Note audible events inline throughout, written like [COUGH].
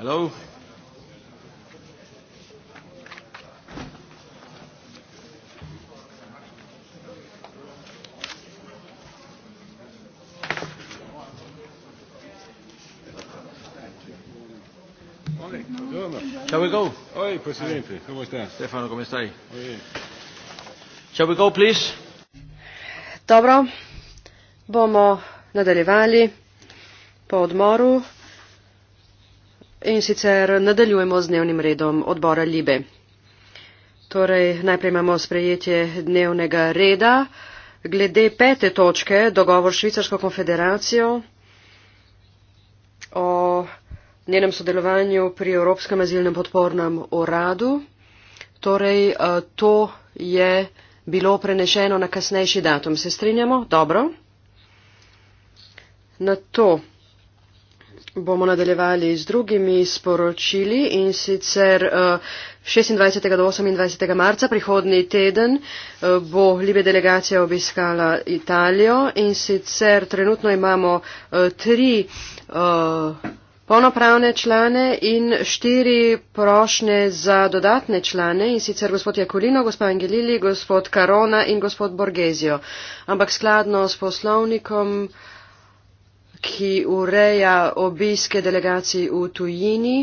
Hello. Shall we go? Oi, Presidente, como está? Stefano, come stai? Oye. Shall we go, please? Dobro, bomo nadaljevali po odmoru. In sicer nadaljujemo z dnevnim redom odbora Libe. Torej, najprej imamo sprejetje dnevnega reda. Glede pete točke, dogovor s Švicarsko konfederacijo o njenem sodelovanju pri Evropskem azilnem podpornem uradu. Torej, eh, to je bilo prenešeno na kasnejši datum. Se strinjamo? Dobro. Na to bomo nadaljevali z drugimi sporočili in sicer 26. Eh, do 28. marca prihodni teden eh, bo Libe delegacija obiskala Italijo in sicer trenutno imamo eh, tri polnopravne člane in štiri prošnje za dodatne člane in sicer gospod Jakolino, gospod Angelili, gospod Karona in gospod Borgezio. Ampak skladno s poslovnikom ki ureja obiske delegacij v tujini,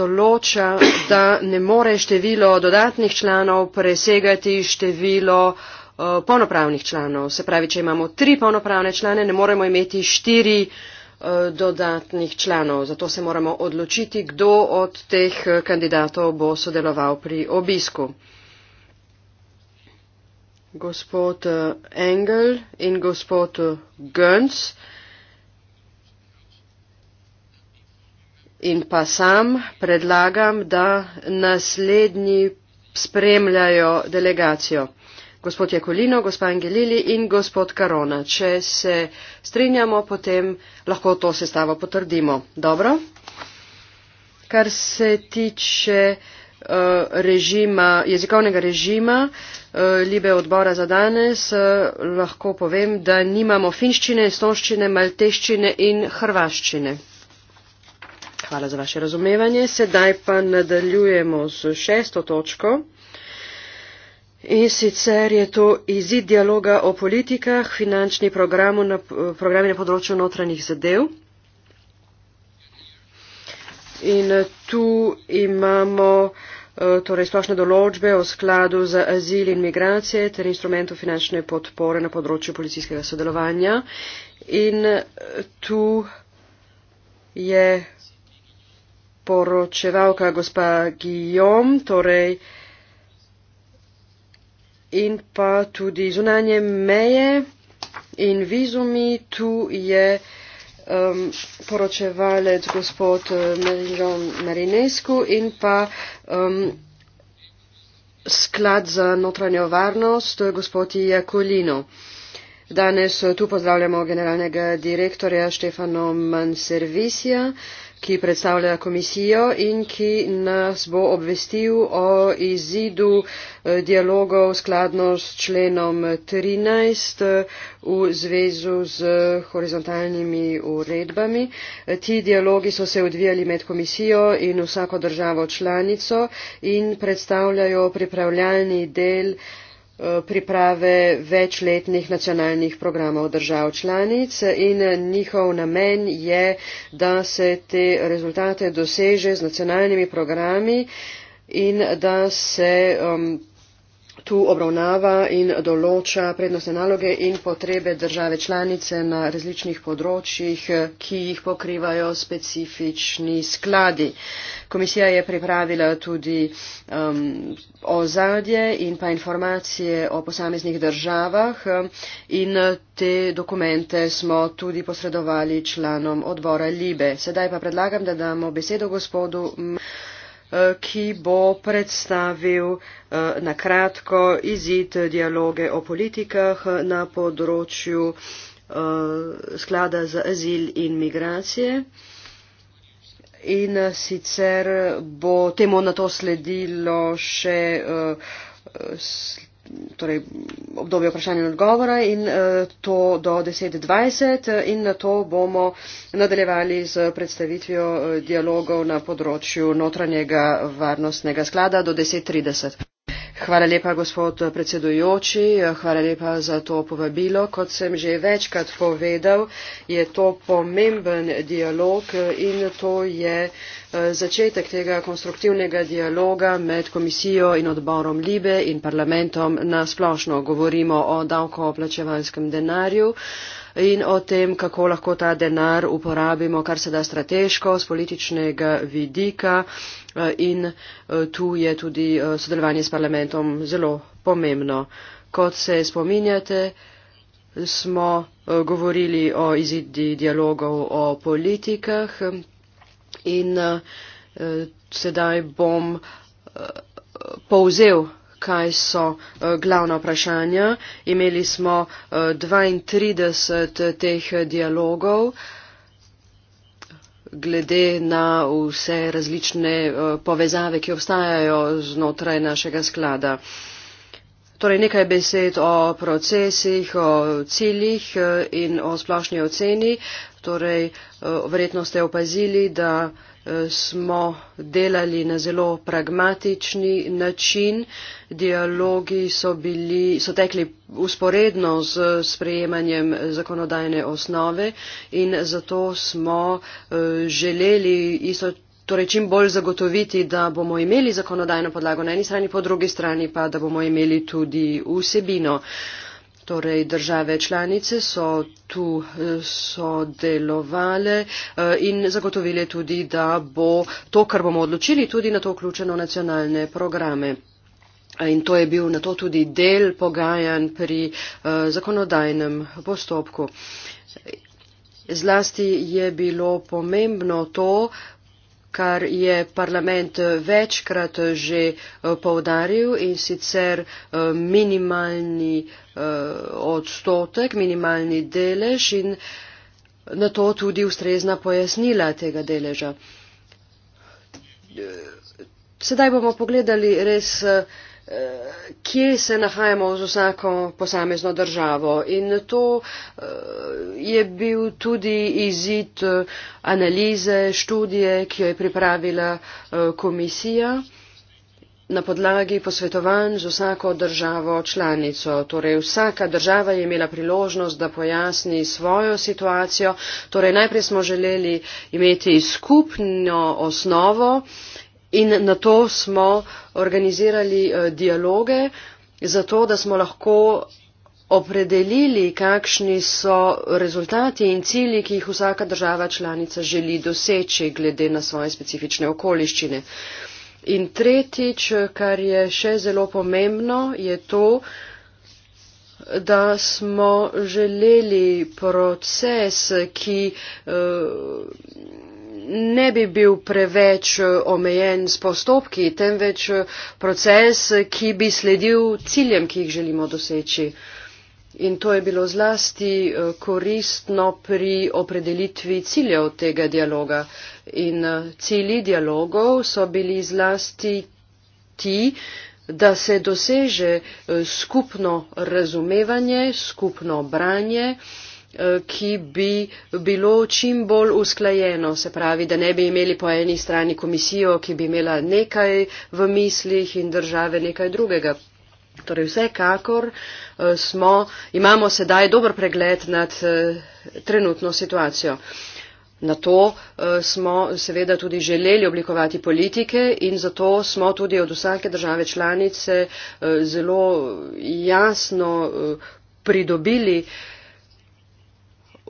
določa, da ne more število dodatnih članov presegati število uh, polnopravnih članov. Se pravi, če imamo tri polnopravne člane, ne moremo imeti štiri eh, dodatnih članov. Zato se moramo odločiti, kdo od teh eh, kandidatov bo sodeloval pri obisku gospod eh, Engel in gospod eh, Gönc in pa sam predlagam, da naslednji spremljajo delegacijo. Gospod Jakolino, gospa Angelili in gospod Karona. Če se strinjamo, potem lahko to sestavo potrdimo. Dobro? Kar se tiče uh, režima, jezikovnega režima, uh, Eh, libe odbora za danes, eh, lahko povem, da nimamo finščine, estonščine, malteščine in hrvaščine. Hvala za vaše razumevanje. Sedaj pa nadaljujemo z šesto točko. In sicer je to izid dialoga o politikah, finančni na, programi na področju notranjih zadev. In tu imamo uh, Eh, torej splošne določbe o skladu za azil in migracije ter instrumentu finančne podpore na področju policijskega sodelovanja. In eh, tu je poročevalka gospa Guillaume, torej in pa tudi zunanje meje in vizumi, tu je uh, um, poročevalec gospod eh, Merinjon Marinescu in pa um, sklad za notranjo varnost eh, gospod Jakolino. Danes eh, tu pozdravljamo generalnega direktorja Štefano Manservisija. Uh, ki predstavlja komisijo in ki nas bo obvestil o izidu eh, dialogov skladno s členom 13 eh, v zvezu z horizontalnimi uredbami. Eh, ti dialogi so se odvijali med komisijo in vsako državo članico in predstavljajo pripravljalni del Eh, priprave večletnih nacionalnih programov držav članic in njihov namen je, da se te rezultate doseže z nacionalnimi programi in da se um, tu obravnava in določa prednostne naloge in potrebe države članice na različnih področjih, ki jih pokrivajo specifični skladi. Komisija je pripravila tudi um, ozadje in pa informacije o posameznih državah um, in te dokumente smo tudi posredovali članom odbora Libe. Sedaj pa predlagam, da damo besedo gospodu. Eh, ki bo predstavil eh, na kratko izid dialoge o politikah na področju eh, sklada za azil in migracije. In sicer bo temu na to sledilo še torej obdobje vprašanja in odgovora in eh, to do 10.20 eh, in na to bomo nadaljevali z predstavitvijo eh, dialogov na področju notranjega varnostnega sklada do 10.30. Hvala lepa, gospod predsedujoči, hvala lepa za to povabilo. Kot sem že večkrat povedal, je to pomemben dialog in to je. Eh, začetek tega konstruktivnega dialoga med komisijo in odborom libe in parlamentom na splošno. Govorimo o davkoplačevalskem denarju in o tem, kako lahko ta denar uporabimo kar se da strateško z političnega vidika eh, in eh, tu je tudi sodelovanje s parlamentom zelo pomembno. Kot se spominjate, smo govorili o izidi dialogov o politikah, In uh, sedaj bom uh, povzel, kaj so uh, glavna vprašanja. Imeli smo uh, 32 teh dialogov glede na vse različne uh, povezave, ki obstajajo znotraj našega sklada. Uh, Torej nekaj besed o procesih, o ciljih eh, in o splošni oceni. Torej, eh, verjetno ste opazili, da eh, smo delali na zelo pragmatični način. Dialogi so, bili, so tekli usporedno z sprejemanjem zakonodajne osnove in zato smo želeli istočasno torej čim bolj zagotoviti, da bomo imeli zakonodajno podlago na eni strani, po drugi strani pa, da bomo imeli tudi vsebino. Torej, države članice so tu sodelovale eh, in zagotovile tudi, da bo to, kar bomo odločili, tudi na to vključeno nacionalne programe. In to je bil na to tudi del pogajan pri eh, zakonodajnem postopku. Zlasti je bilo pomembno to, kar je parlament večkrat že eh, povdaril in sicer eh, minimalni eh, odstotek, minimalni delež in na to tudi ustrezna pojasnila tega deleža. Sedaj bomo pogledali res kje se nahajamo z vsako posamezno državo. In to eh, je bil tudi izid eh, analize, študije, ki jo je pripravila eh, komisija na podlagi posvetovanj z vsako državo članico. Torej vsaka država je imela priložnost, da pojasni svojo situacijo. Torej najprej smo želeli imeti skupno osnovo in na to smo organizirali eh, dialoge, zato da smo lahko opredelili, kakšni so rezultati in cilji, ki jih vsaka država članica želi doseči glede na svoje specifične okoliščine. In tretjič, kar je še zelo pomembno, je to, da smo želeli proces, ki. Uh, ne bi bil preveč eh, omejen s postopki, temveč eh, proces, ki bi sledil ciljem, ki jih želimo doseči. In to je bilo zlasti eh, koristno pri opredelitvi ciljev tega dialoga. In cilji dialogov so bili zlasti ti, da se doseže skupno razumevanje, skupno branje, Eh, ki bi bilo čim bolj usklajeno, se pravi, da ne bi imeli po eni strani komisijo, ki bi imela nekaj v mislih in države nekaj drugega. Torej vsekakor eh, smo, imamo sedaj dober pregled nad eh, trenutno situacijo. Na to smo seveda tudi želeli oblikovati politike in zato smo tudi od vsake države članice zelo jasno pridobili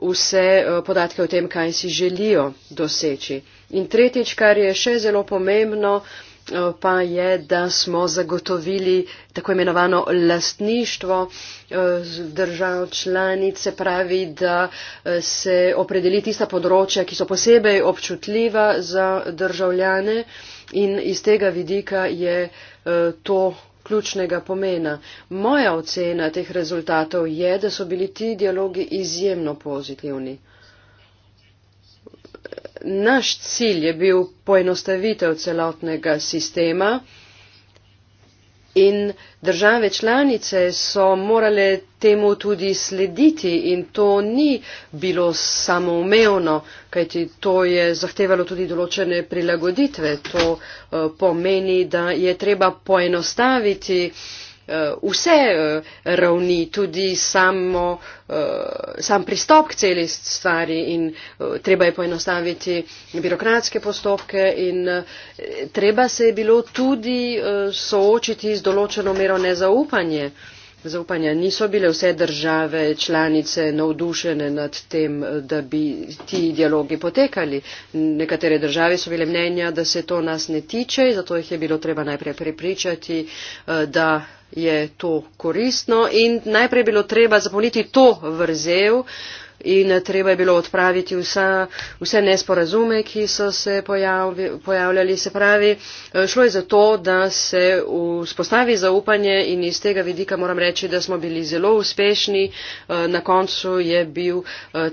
vse eh, podatke o tem, kaj si želijo doseči. In tretjič, kar je še zelo pomembno, eh, pa je, da smo zagotovili tako imenovano lastništvo eh, držav članic, se pravi, da se opredeli tista področja, ki so posebej občutljiva za državljane in iz tega vidika je to ključnega pomena. Moja ocena teh rezultatov je, da so bili ti dialogi izjemno pozitivni. Naš cilj je bil poenostavitev celotnega sistema, In države članice so morale temu tudi slediti in to ni bilo samoumevno, kajti to je zahtevalo tudi določene prilagoditve. To uh, pomeni, da je treba poenostaviti uh, Eh, vse eh, ravni, tudi samo, eh, sam pristop k celi stvari in treba je poenostaviti birokratske postopke in treba se je bilo tudi soočiti z določeno mero nezaupanje zaupanja. Niso bile vse države članice navdušene nad tem, da bi ti dialogi potekali. Nekatere države so bile mnenja, da se to nas ne tiče, zato jih je bilo treba najprej prepričati, eh, da je to koristno in najprej bilo treba zapolniti to vrzel, in eh, treba je bilo odpraviti vsa, vse nesporazume, ki so se pojavi, pojavljali. Se pravi, eh, šlo je za to, da se vzpostavi zaupanje in iz tega vidika moram reči, da smo bili zelo uspešni. Eh, na koncu je bil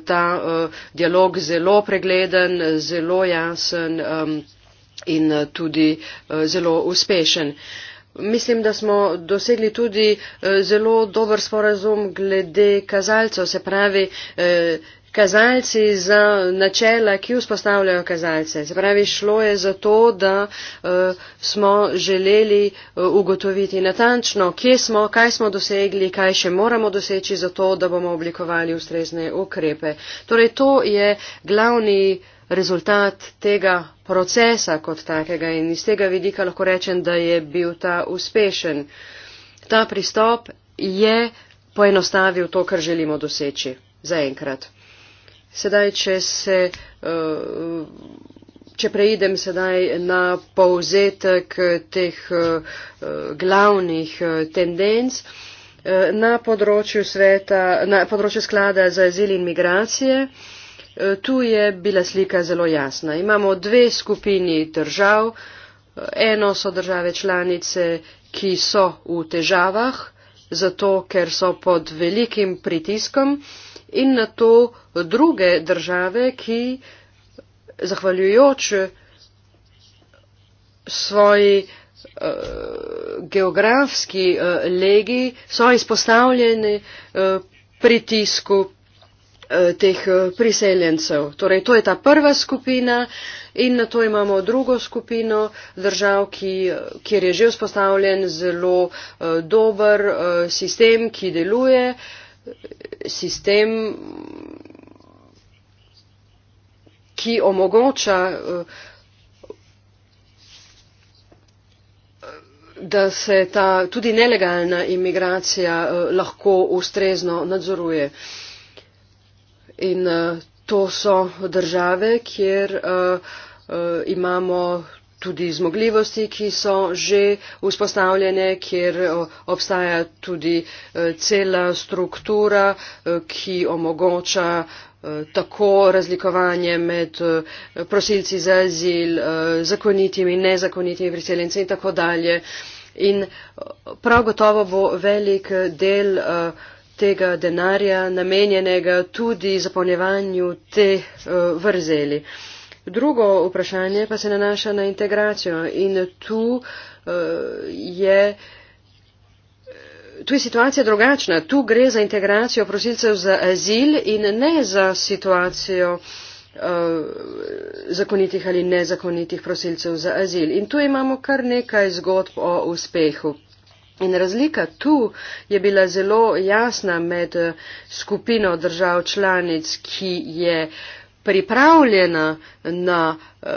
ta dialog zelo pregleden, zelo jasen ehm, in tudi zelo uspešen mislim da smo dosegli tudi eh, zelo dober sporazum glede kazalcev se pravi eh, kazalci za načela, ki vzpostavljajo kazalce. Se pravi, šlo je za to, da uh, smo želeli uh, ugotoviti natančno, kje smo, kaj smo dosegli, kaj še moramo doseči za to, da bomo oblikovali ustrezne ukrepe. Torej, to je glavni. Uh, rezultat tega procesa kot takega in iz tega vidika lahko rečem, da je bil ta uspešen. Ta pristop je poenostavil to, kar želimo doseči zaenkrat. Sedaj, če se. Uh, Če preidem sedaj na povzetek teh eh, glavnih eh, tendenc, na področju, sveta, na področju sklada za azil in migracije Eh, tu je bila slika zelo jasna. Imamo dve skupini držav. Eh, eno so države članice, ki so v težavah, zato ker so pod velikim pritiskom in na to druge države, ki zahvaljujoč svoji eh, geografski legi so izpostavljeni pritisku, Eh, teh eh, priseljencev. Torej, to je ta prva skupina in na to imamo drugo skupino držav, ki, kjer je že vzpostavljen zelo eh, dober sistem, ki deluje. Sistem, ki omogoča, da se ta tudi nelegalna imigracija lahko ustrezno nadzoruje in eh, to so države, kjer eh, eh, imamo tudi zmogljivosti, ki so že vzpostavljene, kjer obstaja tudi cela struktura, ki omogoča tako razlikovanje med prosilci za azil, zakonitimi in nezakonitimi priseljenci in tako dalje. In prav gotovo bo velik del uh, tega denarja, namenjenega tudi zapolnjevanju te uh, vrzeli. Drugo vprašanje pa se nanaša na integracijo in tu uh, je. Tu je situacija drugačna. Tu gre za integracijo prosilcev za azil in ne za situacijo uh, zakonitih ali nezakonitih prosilcev za azil. In tu imamo kar nekaj zgodb o uspehu. In razlika tu je bila zelo jasna med eh, skupino držav članic, ki je pripravljena na eh,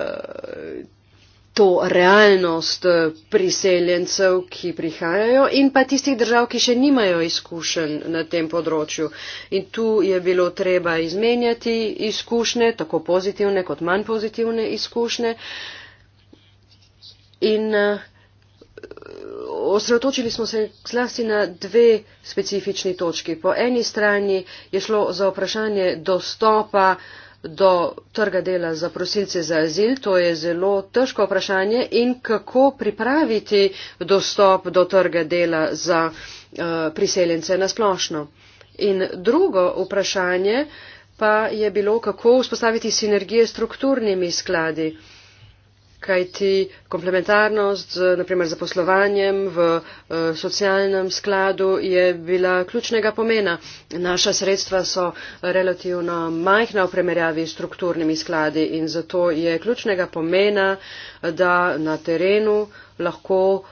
to realnost eh, priseljencev, ki prihajajo in pa tistih držav, ki še nimajo izkušenj na tem področju. In tu je bilo treba izmenjati izkušnje, tako pozitivne kot manj pozitivne izkušnje. In uh, Osredotočili smo se zlasti na dve specifični točki. Po eni strani je šlo za vprašanje dostopa do trga dela za prosilce za azil, to je zelo težko vprašanje in kako pripraviti dostop do trga dela za uh, priseljence na splošno. In drugo vprašanje pa je bilo, kako vzpostaviti sinergije s strukturnimi skladi. Uh, kajti komplementarnost z, naprimer, zaposlovanjem v eh, socialnem skladu je bila ključnega pomena. Naša sredstva so relativno majhna v primerjavi s strukturnimi skladi in zato je ključnega pomena, da na terenu lahko eh,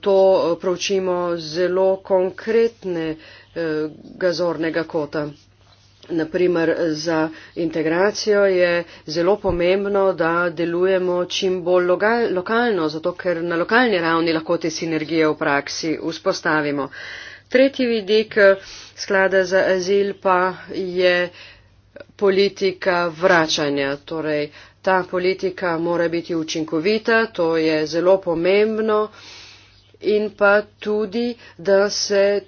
to proučimo zelo konkretnega zornega kota naprimer za integracijo je zelo pomembno, da delujemo čim bolj lokalno, zato ker na lokalni ravni lahko te sinergije v praksi vzpostavimo. Tretji vidik eh, sklada za azil pa je politika vračanja. Torej, ta politika mora biti učinkovita, to je zelo pomembno in pa tudi, da se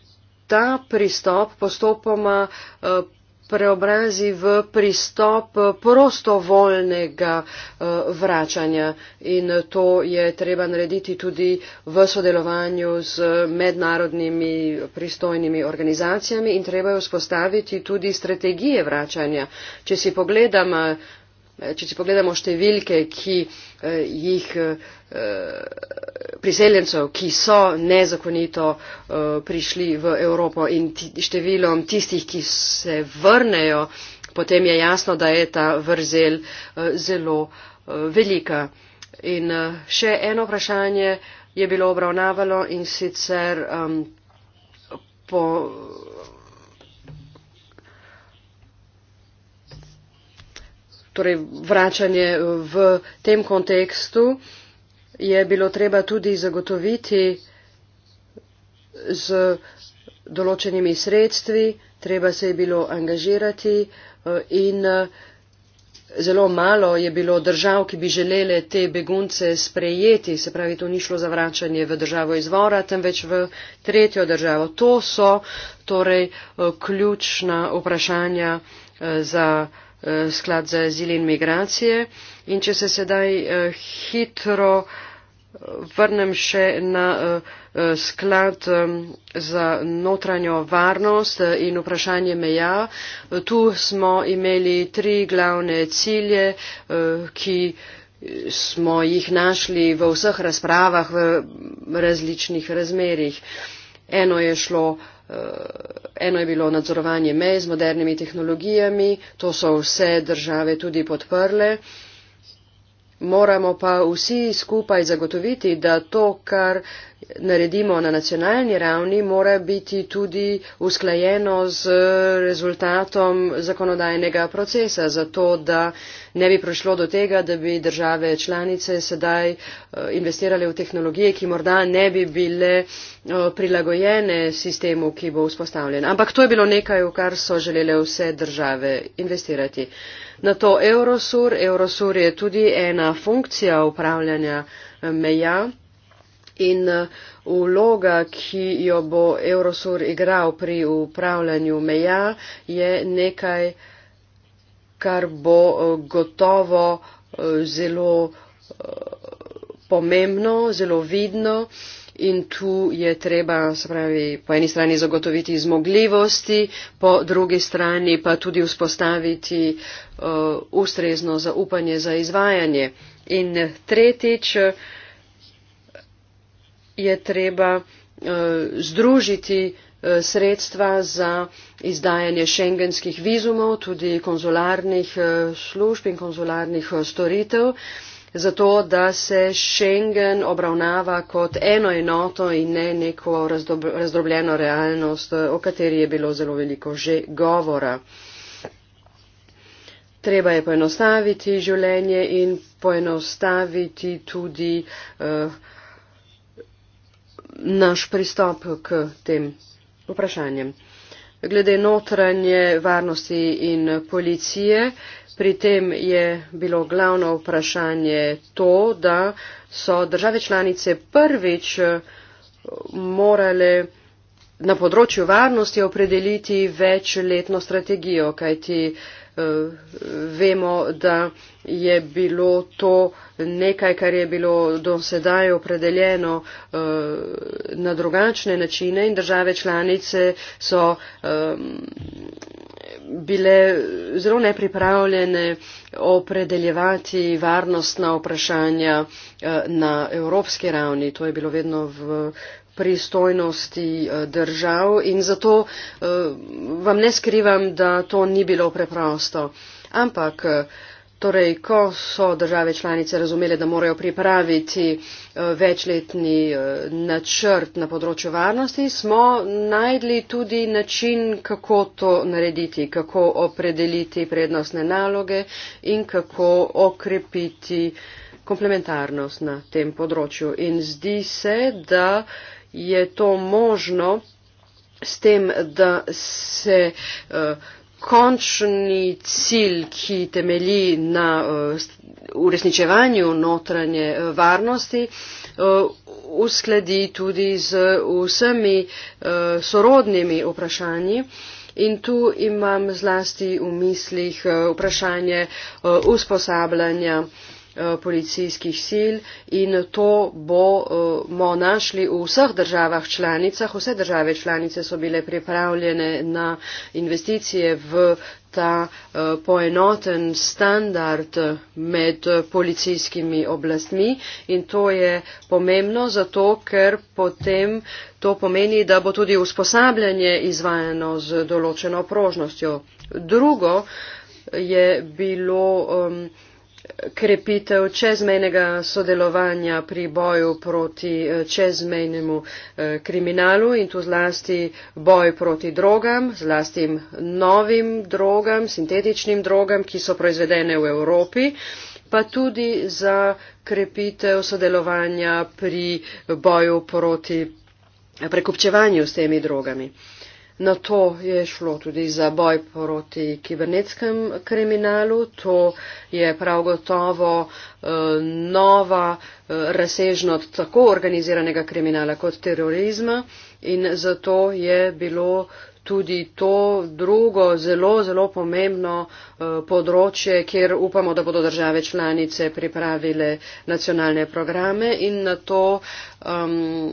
ta pristop postopoma eh, preobrazi v pristop prostovoljnega eh, vračanja in to je treba narediti tudi v sodelovanju z mednarodnimi pristojnimi organizacijami in treba je vzpostaviti tudi strategije vračanja. Če si pogledamo, eh, če si pogledamo številke, ki eh, jih eh, priseljencev, ki so nezakonito eh, prišli v Evropo in številom tistih, ki se vrnejo, potem je jasno, da je ta vrzel eh, zelo eh, velika. In eh, še eno vprašanje je bilo obravnavalo in sicer eh, po. torej vračanje v tem kontekstu, je bilo treba tudi zagotoviti z določenimi sredstvi, treba se je bilo angažirati eh, in eh, zelo malo je bilo držav, ki bi želele te begunce sprejeti, se pravi, to ni šlo za vračanje v državo izvora, temveč v tretjo državo. To so torej eh, ključna vprašanja za. Eh, sklad za azil in migracije. In če se sedaj eh, hitro eh, vrnem še na sklad za notranjo varnost in vprašanje meja. Tu smo imeli tri glavne cilje, ki smo jih našli v vseh razpravah v različnih razmerih. Eno je šlo Eh, eno je bilo nadzorovanje mej z modernimi tehnologijami, to so vse države tudi podprle. Moramo pa vsi skupaj zagotoviti, da to, kar uh, naredimo na nacionalni ravni, mora biti tudi usklajeno z rezultatom zakonodajnega procesa, zato da ne bi prišlo do tega, da bi države članice sedaj eh, investirale v tehnologije, ki morda ne bi bile eh, prilagojene sistemu, ki bo vzpostavljen. Ampak to je bilo nekaj, v kar so želele vse države investirati. Na to Eurosur. Eurosur je tudi ena funkcija upravljanja eh, meja in eh, vloga, ki jo bo Eurosur igral pri upravljanju meja, je nekaj, kar bo eh, gotovo eh, zelo pomembno, zelo vidno. In tu je treba, se pravi, po eni strani zagotoviti zmogljivosti, po drugi strani pa tudi vzpostaviti uh, ustrezno zaupanje za izvajanje. In tretjič, uh, je treba eh, združiti eh, sredstva za izdajanje šengenskih vizumov, tudi konzularnih eh, služb in konzularnih storitev, zato da se šengen obravnava kot eno enoto in ne neko razdrobljeno realnost, o kateri je bilo zelo veliko že govora. Treba je poenostaviti življenje in poenostaviti tudi uh, naš pristop k tem vprašanjem. Glede notranje varnosti in policije, pri tem je bilo glavno vprašanje to, da so države članice prvič eh, morale na področju varnosti opredeliti večletno strategijo, kajti uh, Eh, vemo, da je bilo to nekaj, kar je bilo do sedaj opredeljeno eh, na drugačne načine in države članice so eh, bile zelo nepripravljene opredeljevati varnostna vprašanja na evropski ravni. To je bilo vedno v pristojnosti eh, držav in zato eh, vam ne skrivam, da to ni bilo preprosto. Ampak, eh, torej, ko so države članice razumele, da morajo pripraviti večletni načrt na področju varnosti, smo najdli tudi način, kako to narediti, kako opredeliti prednostne naloge in kako okrepiti komplementarnost na tem področju. In zdi se, da je to možno s tem, da se eh, končni cilj, ki temelji na eh, uresničevanju notranje eh, varnosti, uskladi tudi z vsemi sorodnimi vprašanji. In tu imam zlasti v mislih vprašanje usposabljanja. Uh, Eh, policijskih sil in to bomo našli v vseh državah članicah. Vse države članice so bile pripravljene na investicije v ta eh, poenoten standard med policijskimi oblastmi in to je pomembno zato, ker potem to pomeni, da bo tudi usposabljanje izvajano z določeno prožnostjo. Drugo je bilo um, krepitev čezmejnega sodelovanja pri boju proti eh, čezmejnemu eh, kriminalu in tu zlasti boj proti drogam, zlasti novim drogam, sintetičnim drogam, ki so proizvedene v Evropi, pa tudi za krepitev sodelovanja pri boju proti eh, prekupčevanju s temi drogami. Na to je šlo tudi za boj proti kibernetskem kriminalu. To je prav gotovo eh, nova eh, razsežnost tako organiziranega kriminala kot terorizma in zato je bilo tudi to drugo zelo, zelo pomembno eh, področje, kjer upamo, da bodo države članice pripravile nacionalne programe in na to. Um,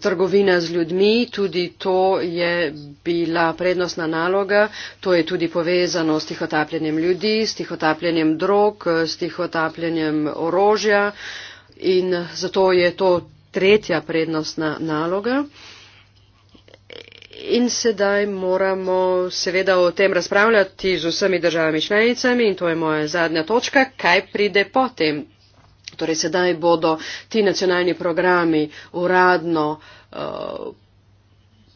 trgovina z ljudmi, tudi to je bila prednostna naloga, to je tudi povezano s tihotapljenjem ljudi, s tihotapljenjem drog, s tihotapljenjem orožja in zato je to tretja prednostna naloga. In sedaj moramo seveda o tem razpravljati z vsemi državami članicami in to je moja zadnja točka, kaj pride potem. Torej, sedaj bodo ti nacionalni programi uradno uh,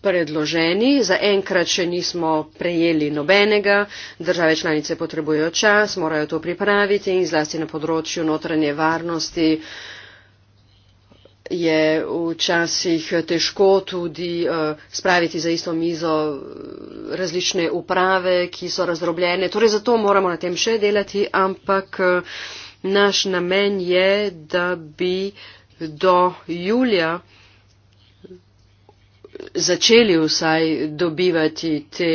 predloženi. Za enkrat še nismo prejeli nobenega. Države članice potrebujejo čas, morajo to pripraviti in zlasti na področju notranje varnosti je včasih težko tudi uh, spraviti za isto mizo eh, različne uprave, ki so razdrobljene. Torej, zato moramo na tem še delati, ampak. Uh, Naš namen je, da bi do julija začeli vsaj dobivati te,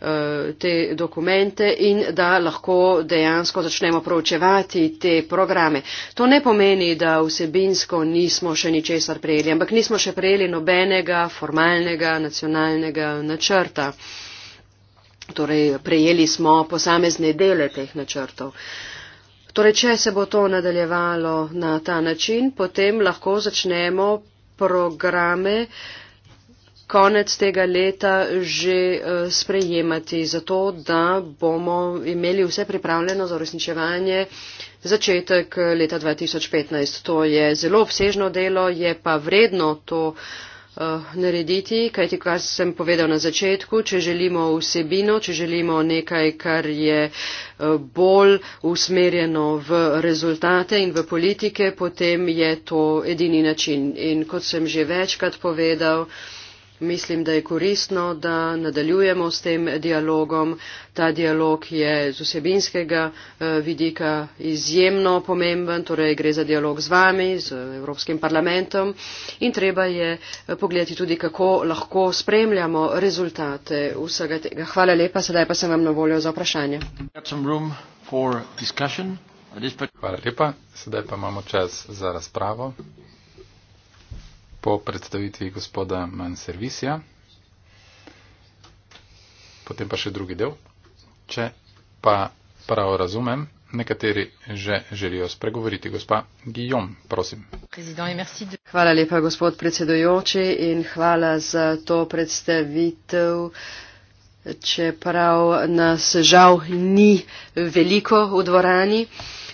eh, te dokumente in da lahko dejansko začnemo proučevati te programe. To ne pomeni, da vsebinsko nismo še ničesar prejeli, ampak nismo še prejeli nobenega formalnega nacionalnega načrta. Torej, prejeli smo posamezne dele teh načrtov. Uh, Torej, če se bo to nadaljevalo na ta način, potem lahko začnemo programe konec tega leta že eh, sprejemati, zato da bomo imeli vse pripravljeno za uresničevanje začetek leta 2015. To je zelo obsežno delo, je pa vredno to Eh, narediti, kajti, kar sem povedal na začetku, če želimo vsebino, če želimo nekaj, kar je eh, bolj usmerjeno v rezultate in v politike, potem je to edini način. In kot sem že večkrat povedal, Mislim, da je koristno, da nadaljujemo s tem dialogom. Ta dialog je z vsebinskega eh, vidika izjemno pomemben, torej gre za dialog z vami, z Evropskim parlamentom in treba je eh, pogledati tudi, kako lahko spremljamo rezultate vsega tega. Hvala lepa, sedaj pa sem vam na voljo za vprašanje. Hvala lepa, sedaj pa imamo čas za razpravo po predstavitvi gospoda Manservisija, potem pa še drugi del. Če pa prav razumem, nekateri že želijo spregovoriti. Gospa Guillaume, prosim. Hvala lepa, gospod predsedujoči, in hvala za to predstavitev. Čeprav nas žal ni veliko v dvorani.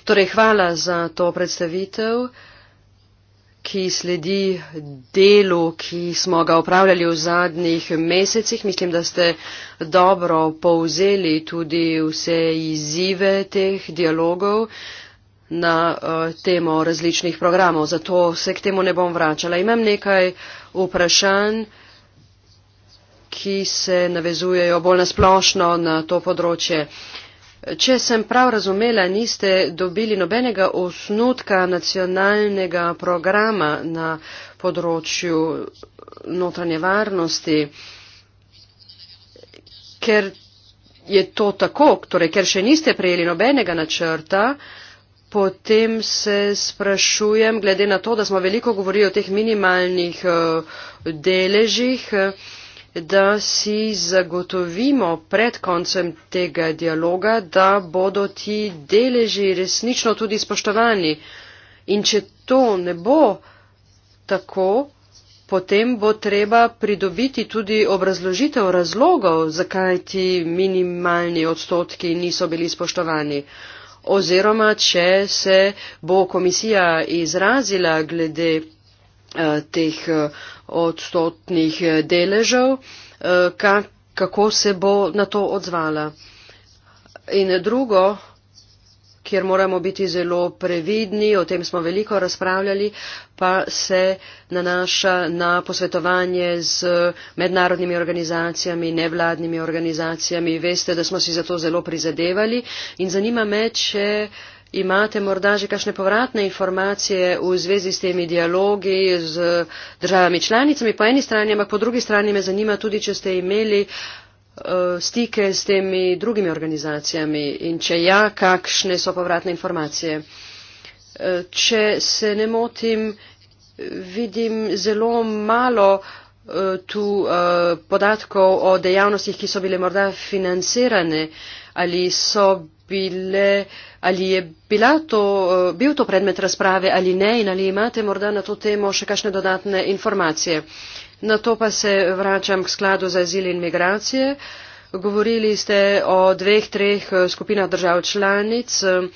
Torej, hvala za to predstavitev ki sledi delu, ki smo ga upravljali v zadnjih mesecih. Mislim, da ste dobro povzeli tudi vse izzive teh dialogov na eh, temo različnih programov. Zato se k temu ne bom vračala. Imam nekaj vprašanj, ki se navezujejo bolj nasplošno na to področje če sem prav razumela, niste dobili nobenega osnutka nacionalnega programa na področju notranje varnosti, ker je to tako, torej, ker še niste prejeli nobenega načrta, potem se sprašujem, glede na to, da smo veliko govorili o teh minimalnih eh, deležih, eh, da si zagotovimo pred koncem tega dialoga, da bodo ti deleži resnično tudi spoštovani. In če to ne bo tako, potem bo treba pridobiti tudi obrazložitev razlogov, zakaj ti minimalni odstotki niso bili spoštovani. Oziroma, če se bo komisija izrazila glede uh, teh uh, odstotnih eh, deležev, eh, kako se bo na to odzvala. In drugo, kjer moramo biti zelo previdni, o tem smo veliko razpravljali, pa se nanaša na posvetovanje z mednarodnimi organizacijami, nevladnimi organizacijami. Veste, da smo si za to zelo prizadevali in zanima me, če uh, imate morda že kakšne povratne informacije v zvezi s temi dialogi z državami članicami po eni strani, ampak po drugi strani me zanima tudi, če ste imeli eh, stike s temi drugimi organizacijami in če ja, kakšne so povratne informacije. Eh, če se ne motim, vidim zelo malo eh, tu podatkov o dejavnostih, ki so bile morda financirane ali so bile, ali je to, eh, bil to predmet razprave ali ne in ali imate morda na to temo še kakšne dodatne informacije. Na to pa se vračam k skladu za azil in migracije. Govorili ste o dveh, treh eh, skupinah držav članic eh,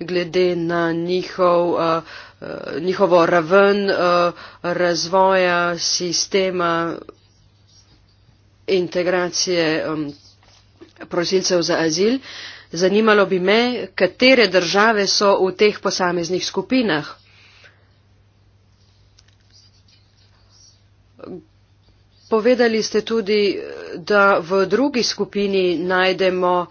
glede na njihov, njihovo raven razvoja sistema integracije prosilcev za azil. Zanimalo bi me, katere države so v teh posameznih skupinah. Povedali ste tudi, da v drugi skupini najdemo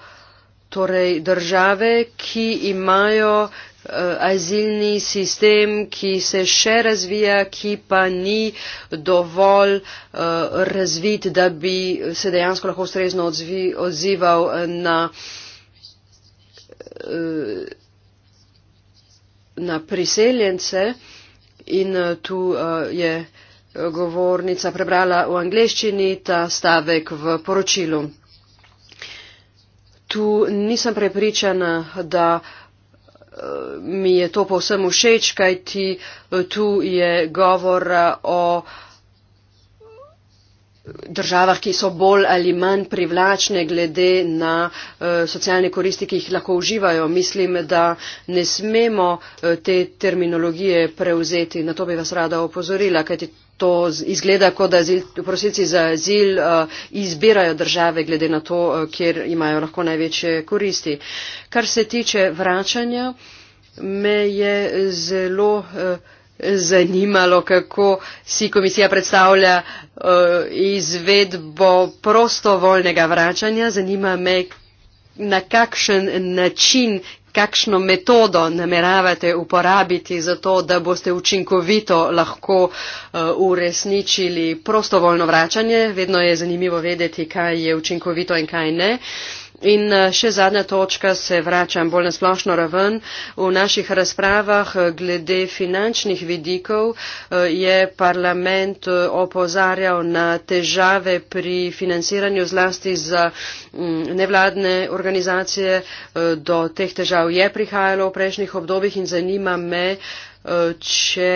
torej, države, ki imajo eh, azilni sistem, ki se še razvija, ki pa ni dovolj eh, razvit, da bi se dejansko lahko ustrezno odzival eh, na eh, Eh, na priseljence in eh, tu eh, je govornica prebrala v angleščini ta stavek v poročilu. Tu nisem prepričana, da mi je to povsem všeč, kajti tu je govora o uh, državah, ki so bolj ali manj privlačne glede na eh, socialne koristi, ki jih lahko uživajo. Mislim, da ne smemo eh, te terminologije prevzeti. Na to bi vas rada opozorila, kajti to izgleda, kot da prosilci za azil eh, izbirajo države glede na to, kjer imajo lahko največje koristi. Kar se tiče vračanja, me je zelo zanimalo, kako si komisija predstavlja eh, izvedbo prostovoljnega vračanja. Zanima me, na kakšen način, kakšno metodo nameravate uporabiti za to, da boste učinkovito lahko eh, uresničili prostovoljno vračanje. Vedno je zanimivo vedeti, kaj je učinkovito in kaj ne. Uh, In eh, še zadnja točka, se vračam bolj na splošno raven. V naših razpravah eh, glede finančnih vidikov eh, je parlament opozarjal na težave pri financiranju zlasti za mm, nevladne organizacije. Do teh težav je prihajalo v prejšnjih obdobjih in zanima me, če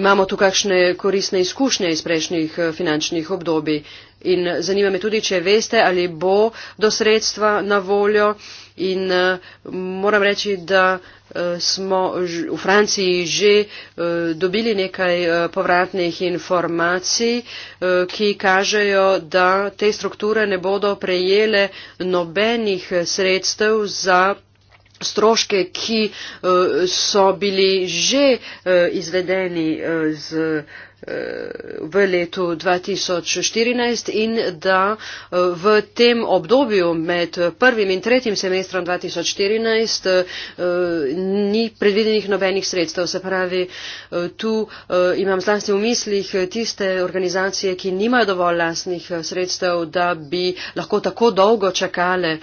imamo tu kakšne koristne izkušnje iz prejšnjih finančnih obdobij. In eh, zanima me tudi, če veste, ali bo do sredstva na voljo. In eh, moram reči, da eh, smo v Franciji že dobili nekaj povratnih informacij, ki kažejo, da te strukture ne bodo prejele nobenih sredstev za stroške, ki so bili že izvedeni z v letu 2014 in da v tem obdobju med prvim in tretjim semestrom 2014 eh, ni predvidenih nobenih sredstev. Se pravi, eh, tu eh, imam zlasti v mislih tiste organizacije, ki nimajo dovolj lastnih sredstev, da bi lahko tako dolgo čakale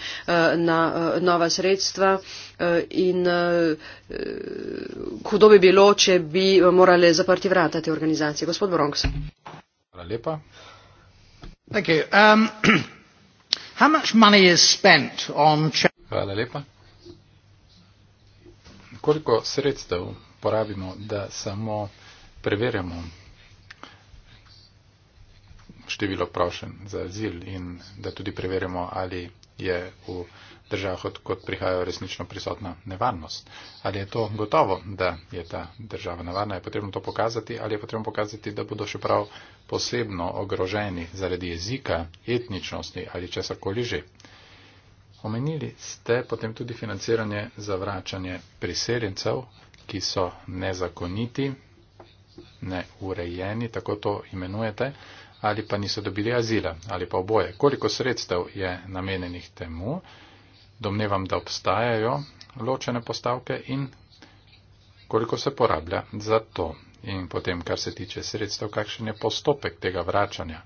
na nova sredstva. Eh, in uh, hudo bi bilo, če bi morali zaprti vrata te organizacije. Gospod Bronks. Hvala lepa. Um, [CLEARS THROAT] Hvala lepa. Koliko sredstev porabimo, da samo preverjamo število prošen za azil in da tudi preverjamo, ali je v državah, kot prihajajo resnično prisotna nevarnost. Ali je to gotovo, da je ta država nevarna? Je potrebno to pokazati ali je potrebno pokazati, da bodo še prav posebno ogroženi zaradi jezika, etničnosti ali česarkoli že? Omenili ste potem tudi financiranje za vračanje priseljencev, ki so nezakoniti, neurejeni, tako to imenujete ali pa niso dobili azila, ali pa oboje. Koliko sredstev je namenjenih temu, domnevam, da obstajajo ločene postavke in koliko se porablja za to. In potem, kar se tiče sredstev, kakšen je postopek tega vračanja.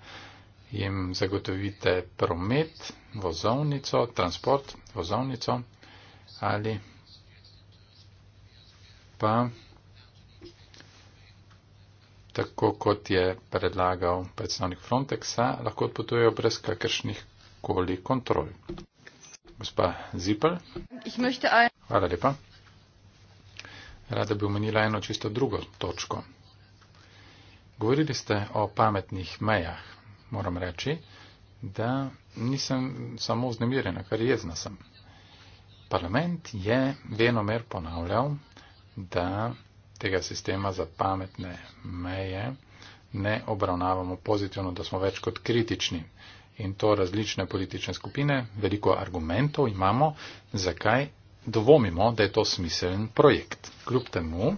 Jim zagotovite promet, vozovnico, transport, vozovnico ali pa tako kot je predlagal predstavnik Frontexa, lahko odpotujejo brez kakršnih koli kontrol. Gospa Zipel. Hvala lepa. Rada bi omenila eno čisto drugo točko. Govorili ste o pametnih mejah. Moram reči, da nisem samo vznemirjena, kar jezna sem. Parlament je venomer ponavljal, da tega sistema za pametne meje ne obravnavamo pozitivno, da smo več kot kritični. In to različne politične skupine, veliko argumentov imamo, zakaj dvomimo, da je to smiseln projekt. Kljub temu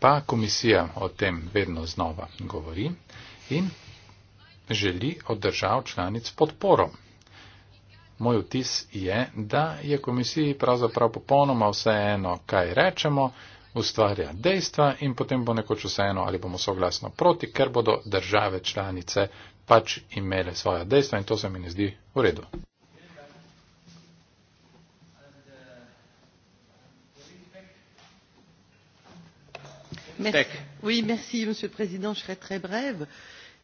pa komisija o tem vedno znova govori in želi od držav članic podporo. Moj vtis je, da je komisiji pravzaprav popolnoma vseeno, kaj rečemo, ustvarja dejstva in potem bo nekoč vseeno, ali bomo soglasno proti, ker bodo države članice pač imele svoja dejstva in to se mi ne zdi v redu.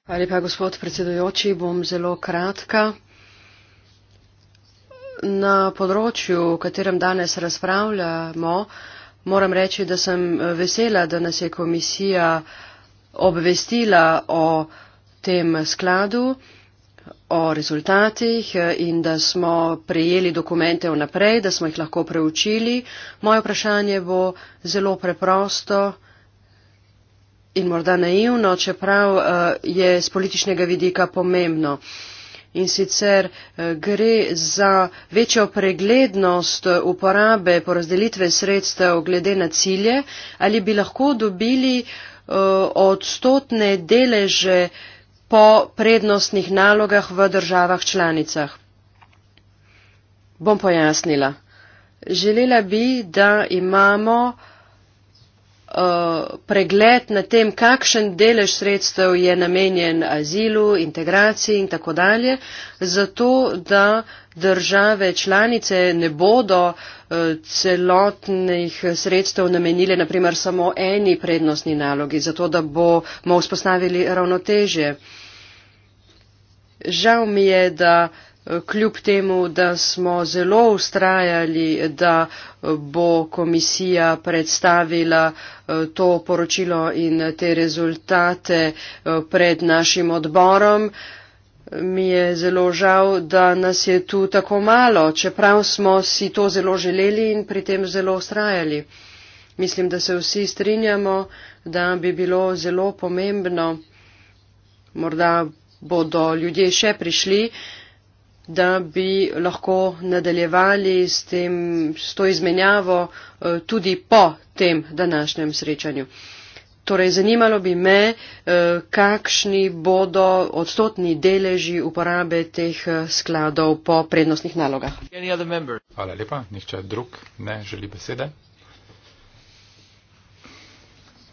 Hvala lepa, gospod predsedujoči, bom zelo kratka. Na področju, o katerem danes razpravljamo, moram reči, da sem eh, vesela, da nas je komisija obvestila o tem skladu, o rezultatih eh, in da smo prejeli dokumente vnaprej, da smo jih lahko preučili. Moje vprašanje bo zelo preprosto in morda naivno, čeprav eh, je z političnega vidika pomembno in sicer eh, gre za večjo preglednost eh, uporabe porazdelitve sredstev glede na cilje, ali bi lahko dobili eh, odstotne deleže po prednostnih nalogah v državah članicah. Bom pojasnila. Želela bi, da imamo Eh, pregled na tem, kakšen delež sredstev je namenjen azilu, integraciji in tako dalje, zato da države članice ne bodo eh, celotnih sredstev namenile naprimer samo eni prednostni nalogi, zato da bomo vzpostavili ravnotežje. Žal mi je, da kljub temu, da smo zelo ustrajali, da bo komisija predstavila eh, to poročilo in te rezultate eh, pred našim odborom. Mi je zelo žal, da nas je tu tako malo, čeprav smo si to zelo želeli in pri tem zelo ustrajali. Mislim, da se vsi strinjamo, da bi bilo zelo pomembno, morda bodo ljudje še prišli, uh, da bi lahko nadaljevali s, tem, s to izmenjavo eh, tudi po tem današnjem srečanju. Torej, zanimalo bi me, eh, kakšni bodo odstotni deleži uporabe teh eh, skladov po prednostnih nalogah. Hvala lepa. Nihče drug ne želi besede?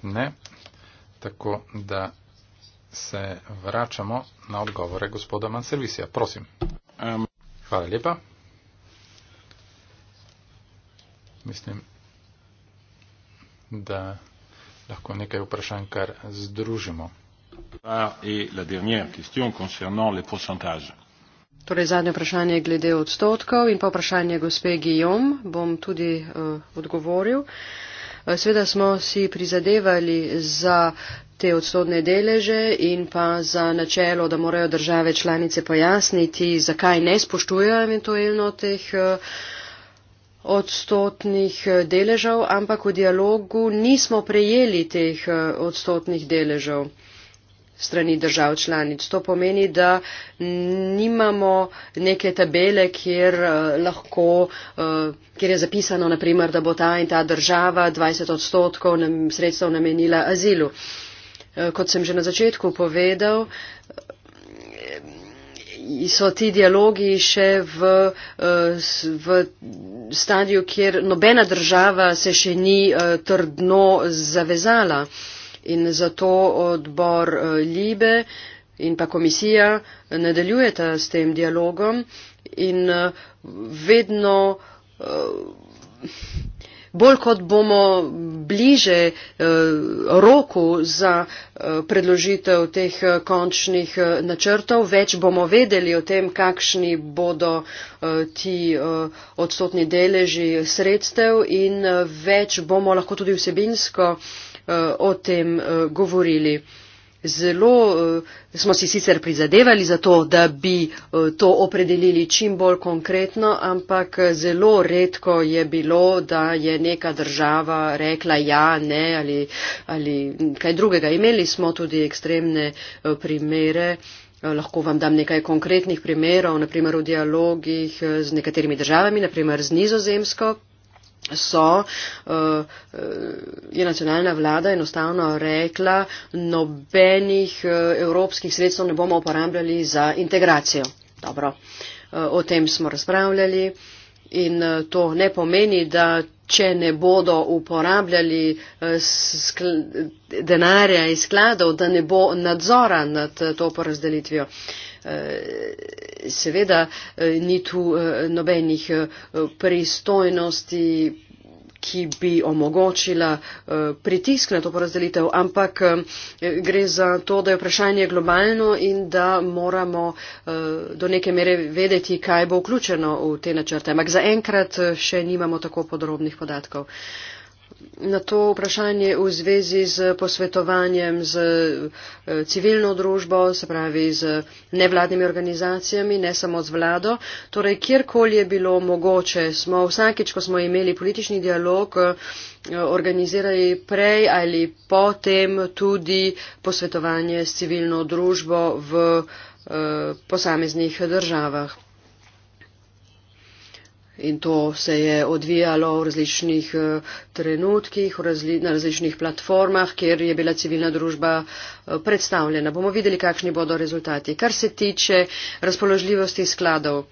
Ne. Tako da se vračamo na odgovore gospoda Manservisija. Prosim. Um, Hvala lepa. Mislim, da lahko nekaj vprašanj kar združimo. Torej, zadnje vprašanje je glede odstotkov in pa vprašanje gospe Guillaume. Bom tudi uh, odgovoril. Uh, Sveda smo si prizadevali za te odstotne deleže in pa za načelo, da morajo države članice pojasniti, zakaj ne spoštujejo eventualno teh eh, odstotnih eh, deležev, ampak v dialogu nismo prejeli teh eh, odstotnih deležev strani držav članic. To pomeni, da nimamo neke tabele, kjer, eh, lahko, eh, kjer je zapisano, naprimer, da bo ta in ta država 20 odstotkov sredstev namenila azilu. Eh, kot sem že na začetku povedal, so ti dialogi še v, v stadiju, kjer nobena država se še ni trdno zavezala in zato odbor eh, Libe in pa komisija nadaljujeta s tem dialogom in eh, vedno eh, bolj kot bomo bliže roku za predložitev teh končnih načrtov, več bomo vedeli o tem, kakšni bodo ti odstotni deleži sredstev in več bomo lahko tudi vsebinsko Eh, o tem eh, govorili. Zelo eh, smo si sicer prizadevali za to, da bi to opredelili čim bolj konkretno, ampak zelo redko je bilo, da je neka država rekla ja, ne ali, ali kaj drugega. Imeli smo tudi ekstremne primere. Lahko vam dam nekaj konkretnih primerov, naprimer v dialogih z nekaterimi državami, naprimer z nizozemsko, so, eh, eh, je nacionalna vlada enostavno rekla, nobenih eh, evropskih sredstev ne bomo uporabljali za integracijo. Dobro, o tem smo razpravljali in to ne pomeni, da če ne bodo uporabljali denarja iz skladov, da ne bo nadzora nad to porazdelitvijo. Eh, seveda eh, ni tu eh, nobenih pristojnosti ki bi omogočila pritisk na to porazdelitev, ampak gre za to, da je vprašanje globalno in da moramo do neke mere vedeti, kaj bo vključeno v te načrte. Ampak zaenkrat še nimamo tako podrobnih podatkov na to vprašanje v zvezi z posvetovanjem z eh, civilno družbo, se pravi z nevladnimi organizacijami, ne samo z vlado. Torej, kjerkoli je bilo mogoče, smo vsakeč, ko smo imeli politični dialog, eh, organizirali prej ali potem tudi posvetovanje s civilno družbo v eh, posameznih državah. In to se je odvijalo v različnih eh, trenutkih, v razli na različnih platformah, kjer je bila civilna družba eh, predstavljena. Bomo videli, kakšni bodo rezultati. Kar se tiče razpoložljivosti skladov.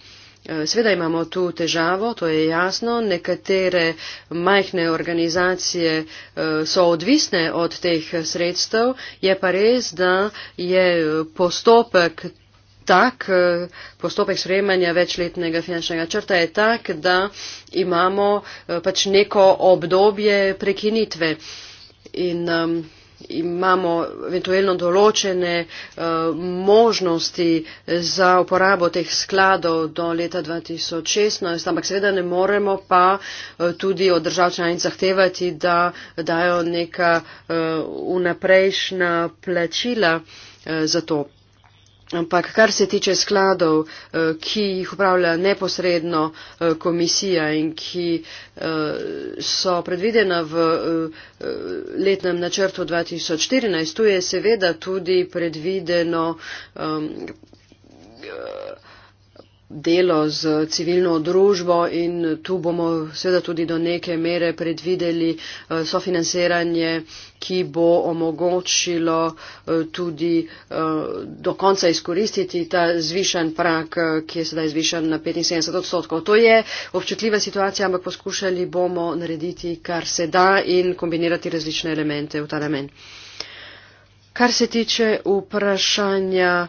Eh, Sveda imamo tu težavo, to je jasno. Nekatere majhne organizacije so odvisne od teh sredstev. Je pa res, da je postopek tak, eh, postopek sprejemanja večletnega finančnega črta je tak, da imamo eh, pač neko obdobje prekinitve in um, imamo eventualno določene uh, možnosti za uporabo teh skladov do leta 2016, ampak seveda ne moremo pa uh, tudi od držav članic zahtevati, da dajo neka uh, unaprejšna plačila uh, za to. Ampak kar se tiče skladov, eh, ki jih upravlja neposredno eh, komisija in ki eh, so predvidena v letnem načrtu 2014, tu je seveda tudi predvideno ehm, delo z civilno družbo in tu bomo seveda tudi do neke mere predvideli eh, sofinanciranje, ki bo omogočilo eh, tudi eh, do konca izkoristiti ta zvišen prak, ki je sedaj zvišen na 75 odstotkov. To je občutljiva situacija, ampak poskušali bomo narediti, kar se da in kombinirati različne elemente v ta namen. Kar se tiče vprašanja,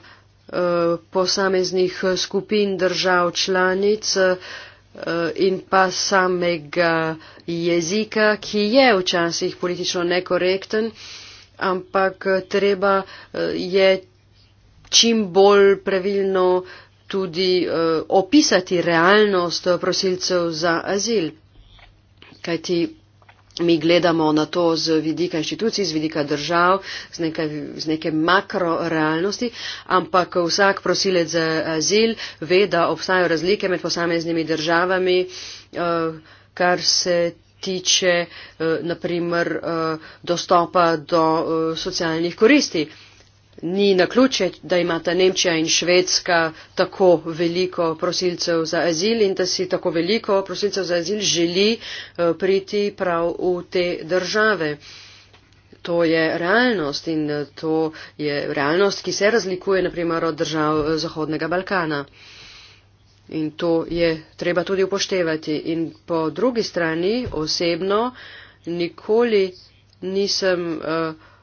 Eh, posameznih eh, skupin držav članic eh, in pa samega jezika, ki je včasih politično nekorekten, ampak treba je čim bolj pravilno tudi opisati realnost prosilcev za azil. Kajti mi gledamo na to z vidika inštitucij, z vidika držav, z, nekaj, z neke makrorealnosti, ampak vsak prosilec za azil ve, da obstajajo razlike med posameznimi državami, eh, kar se tiče eh, naprimer eh, dostopa do socialnih koristi ni naključje, da imata Nemčija in Švedska tako veliko prosilcev za azil in da si tako veliko prosilcev za azil želi eh, priti prav v te države. To je realnost in eh, to je realnost, ki se razlikuje naprimer od držav eh, Zahodnega Balkana. In to je treba tudi upoštevati. In po drugi strani osebno nikoli nisem. Uh,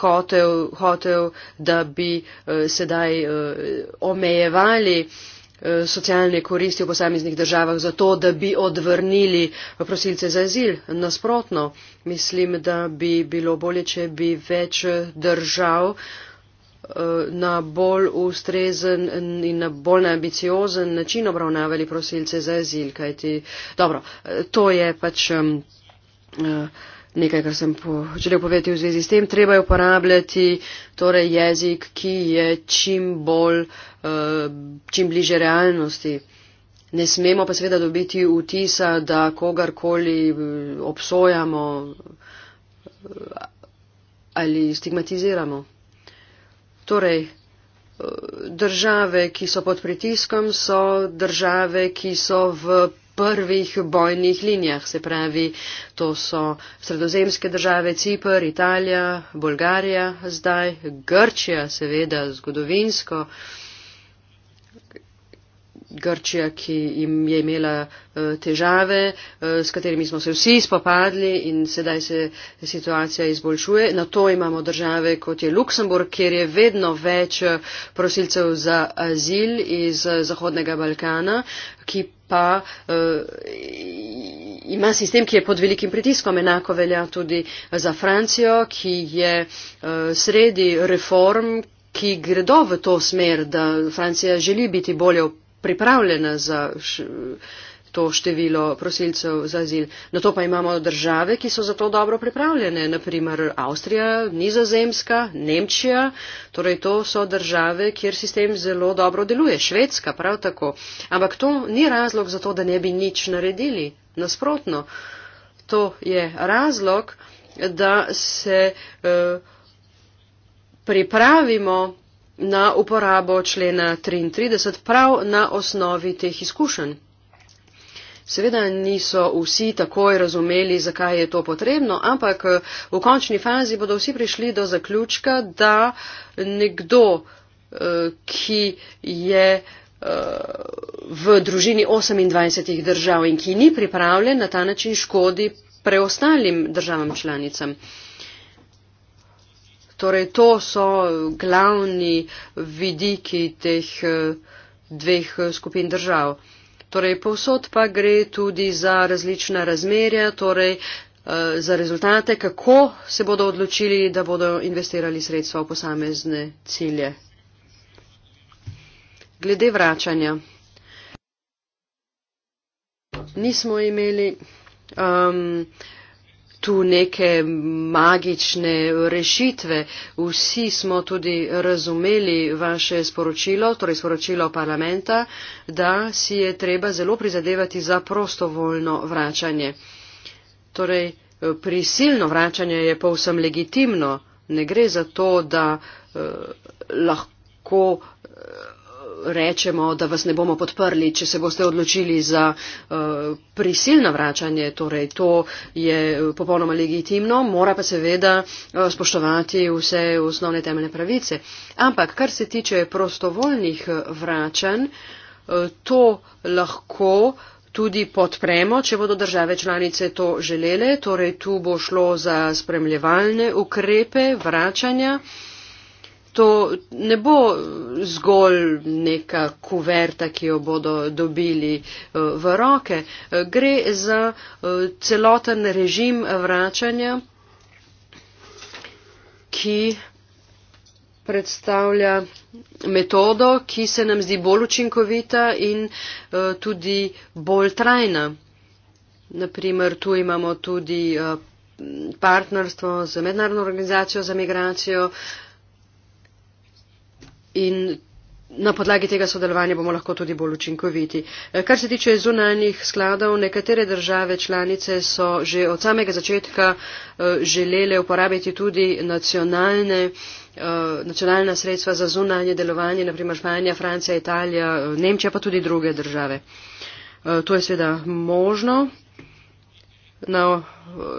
hotel, hotel da bi uh, sedaj uh, omejevali eh, socialne koristi v posameznih državah zato, da bi odvrnili prosilce za azil. Nasprotno, mislim, da bi bilo bolje, če bi več držav na bolj ustrezen in na bolj ambiciozen način obravnavali prosilce za azil. Kajti, dobro, to je pač. Uh, uh, nekaj, kar sem po, želel povedati v zvezi s tem. Treba je uporabljati torej jezik, ki je čim bolj, uh, čim bliže realnosti. Ne smemo pa seveda dobiti vtisa, da kogarkoli eh, obsojamo eh, ali stigmatiziramo. Torej, države, ki so pod pritiskom, so države, ki so v prvih bojnih linijah, se pravi, to so sredozemske države, Cipr, Italija, Bolgarija, zdaj Grčija, seveda, zgodovinsko. Grčija, ki jim je imela eh, težave, eh, s katerimi smo se vsi spopadli in sedaj se situacija izboljšuje. Na to imamo države, kot je Luksemburg, kjer je vedno več eh, prosilcev za azil iz Zahodnega Balkana, ki pa uh, ima sistem, ki je pod velikim pritiskom. Enako velja tudi za Francijo, ki je uh, sredi reform, ki gredo v to smer, da Francija želi biti bolje upravljena pripravljena za š, to število prosilcev za azil. Na to pa imamo države, ki so za to dobro pripravljene, naprimer Avstrija, Nizozemska, Nemčija, torej to so države, kjer sistem zelo dobro deluje, Švedska prav tako. Ampak to ni razlog za to, da ne bi nič naredili. Nasprotno, to je razlog, da se uh, pripravimo na uporabo člena 33 prav na osnovi teh izkušenj. Seveda niso vsi takoj razumeli, zakaj je to potrebno, ampak v končni fazi bodo vsi prišli do zaključka, da nekdo, eh, ki je eh, v družini 28 držav in ki ni pripravljen na ta način škodi preostalim državam članicam. Torej, to so glavni vidiki teh eh, dveh eh, skupin držav. Torej, povsod pa gre tudi za različna razmerja, torej eh, za rezultate, kako se bodo odločili, da bodo investirali sredstva v posamezne cilje. Glede vračanja. Nismo imeli. Um, tu neke magične rešitve. Vsi smo tudi razumeli vaše sporočilo, torej sporočilo parlamenta, da si je treba zelo prizadevati za prostovoljno vračanje. Torej, prisilno vračanje je povsem legitimno. Ne gre za to, da eh, lahko. Eh, rečemo, da vas ne bomo podprli, če se boste odločili za eh, prisilno vračanje. Torej, to je popolnoma legitimno, mora pa seveda eh, spoštovati vse osnovne temeljne pravice. Ampak, kar se tiče prostovoljnih eh, vračanj, to lahko tudi podpremo, če bodo države članice to želele. Torej, tu bo šlo za spremljevalne ukrepe vračanja to ne bo zgolj neka kuverta, ki jo bodo dobili eh, v roke. Eh, gre za eh, celoten režim vračanja, ki predstavlja metodo, ki se nam zdi bolj učinkovita in tudi bolj trajna. Naprimer, tu imamo tudi partnerstvo z mednarodno organizacijo za migracijo, in na podlagi tega sodelovanja bomo lahko tudi bolj učinkoviti. Eh, kar se tiče zunanjih skladov, nekatere države članice so že od samega začetka eh, želele uporabiti tudi nacionalne eh, nacionalna sredstva za zunanje delovanje, naprimer Španija, Francija, Italija, Nemčija, pa tudi druge države. To je seveda možno na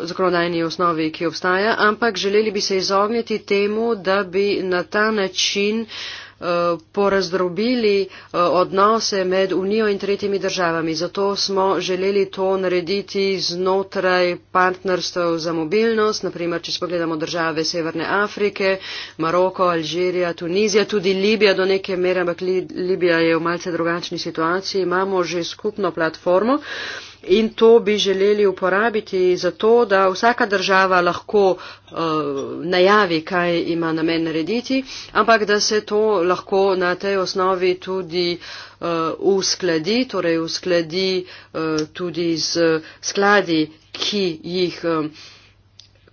zakonodajni osnovi, ki obstaja, ampak želeli bi se izogniti temu, da bi na ta način eh, porazdrobili eh, odnose med Unijo in tretjimi državami. Zato smo želeli to narediti znotraj partnerstv za mobilnost, naprimer, če spogledamo države Severne Afrike, Maroko, Alžirija, Tunizija, tudi Libija do neke mere, ampak Libija je v malce drugačni situaciji, imamo že skupno platformo in to bi želeli uporabiti zato, da vsaka država lahko uh, najavi, kaj ima namen narediti, ampak da se to lahko na tej osnovi tudi uh, uskladi, torej uskladi uh, tudi z skladi, ki jih um,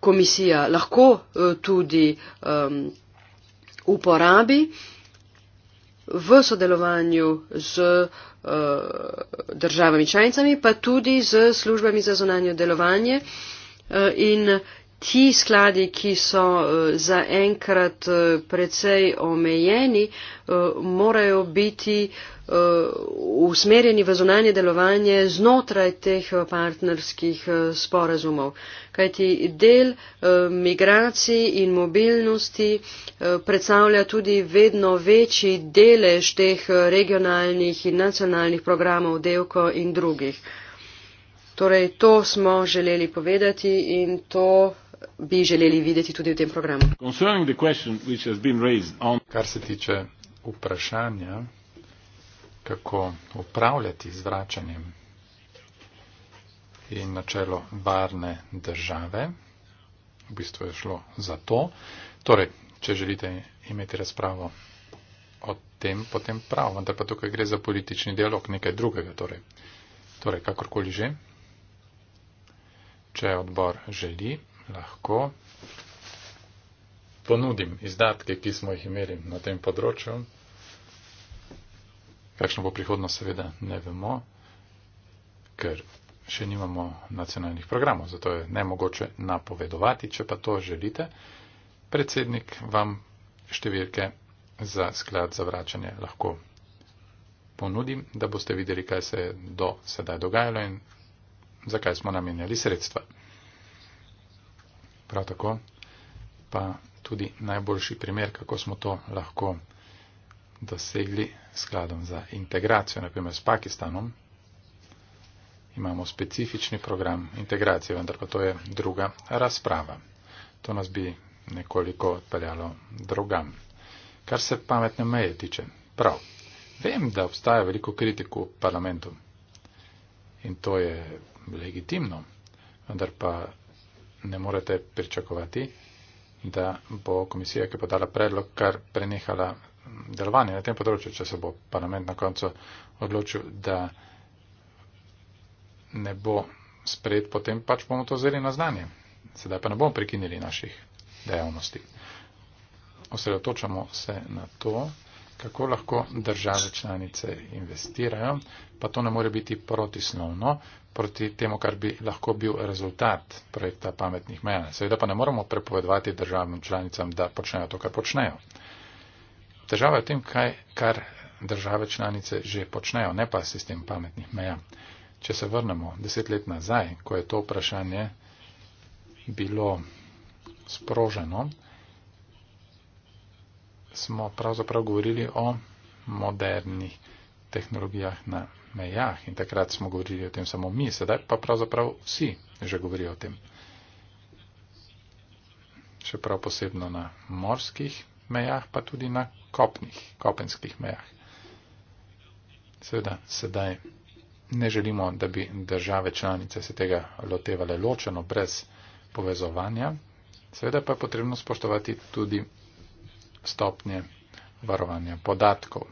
komisija lahko uh, tudi um, uporabi. Uh, v sodelovanju z eh, državami članicami, pa tudi z službami za zonanje delovanje. Eh, in ti skladi, ki so eh, zaenkrat precej omejeni, morajo biti Eh, usmerjeni v zunanje delovanje znotraj teh eh, partnerskih eh, sporazumov. Kajti del migracij in mobilnosti predstavlja tudi vedno večji delež teh regionalnih in nacionalnih programov Delko in drugih. Torej, to smo želeli povedati in to bi želeli videti tudi v tem programu. Kar se tiče vprašanja, kako upravljati z vračanjem in načelo varne države. V bistvu je šlo za to. Torej, če želite imeti razpravo o tem, potem prav, vendar pa tukaj gre za politični dialog, nekaj drugega. Torej, torej kakorkoli že, če odbor želi, lahko ponudim izdatke, ki smo jih imeli na tem področju. Kakšno bo prihodnost, seveda ne vemo, ker še nimamo nacionalnih programov, zato je nemogoče napovedovati. Če pa to želite, predsednik vam številke za sklad za vračanje lahko ponudim, da boste videli, kaj se je do sedaj dogajalo in zakaj smo namenjali sredstva. Prav tako pa tudi najboljši primer, kako smo to lahko dosegli skladom za integracijo, naprimer s Pakistanom. Imamo specifični program integracije, vendar pa to je druga razprava. To nas bi nekoliko odpeljalo drugam. Kar se pametne meje tiče, prav. Vem, da obstaja veliko kritiku v parlamentu in to je legitimno, vendar pa ne morete pričakovati, da bo komisija, ki je podala predlog, kar prenehala delovanje na tem področju, če se bo parlament na koncu odločil, da ne bo spred, potem pač bomo to vzeli na znanje. Sedaj pa ne bomo prekinili naših dejavnosti. Osredotočamo se na to, kako lahko države članice investirajo, pa to ne more biti protisnovno proti temu, kar bi lahko bil rezultat projekta pametnih meja. Seveda pa ne moramo prepovedovati državnim članicam, da počnejo to, kar počnejo. Država je v tem, kaj, kar države članice že počnejo, ne pa sistem pametnih meja. Če se vrnemo deset let nazaj, ko je to vprašanje bilo sproženo, smo pravzaprav govorili o modernih tehnologijah na mejah in takrat smo govorili o tem samo mi, sedaj pa pravzaprav vsi že govorijo o tem. Še prav posebno na morskih mejah, pa tudi na kopnih, kopenskih mejah. Seveda, sedaj ne želimo, da bi države članice se tega lotevale ločeno, brez povezovanja. Seveda pa je potrebno spoštovati tudi stopnje varovanja podatkov.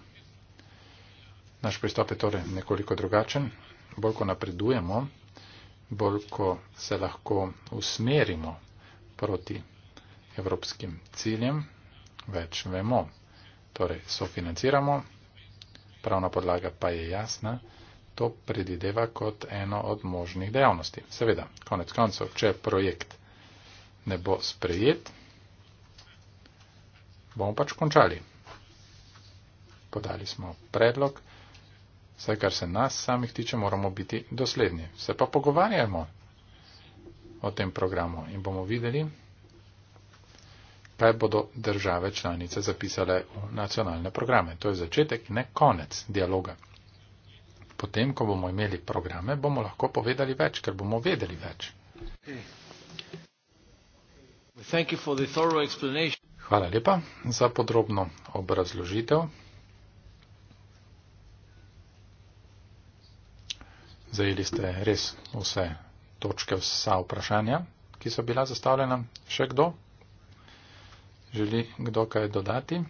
Naš pristop je torej nekoliko drugačen. Bolj ko napredujemo, bolj ko se lahko usmerimo proti evropskim ciljem, več vemo torej sofinanciramo, pravna podlaga pa je jasna, to predideva kot eno od možnih dejavnosti. Seveda, konec koncev, če projekt ne bo sprejet, bomo pač končali. Podali smo predlog, vse kar se nas samih tiče, moramo biti dosledni. Se pa pogovarjamo o tem programu in bomo videli, pa bodo države članice zapisale v nacionalne programe. To je začetek, ne konec dialoga. Potem, ko bomo imeli programe, bomo lahko povedali več, ker bomo vedeli več. Hvala lepa za podrobno obrazložitev. Zajeli ste res vse točke, vsa vprašanja, ki so bila zastavljena. Še kdo? Želi kdo kaj dodati?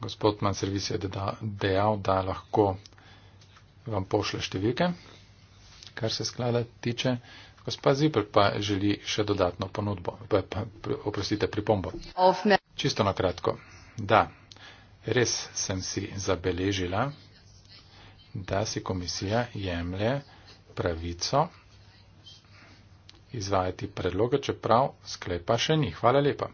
Gospod Man Servis je dejal, da lahko vam pošle številke, kar se sklada tiče. Gospa Zipr pa želi še dodatno ponudbo, pa, pa, oprostite, pripombo. Čisto na kratko. Da, res sem si zabeležila, da si komisija jemlje pravico izvajati predloga, čeprav sklepa še ni. Hvala lepa.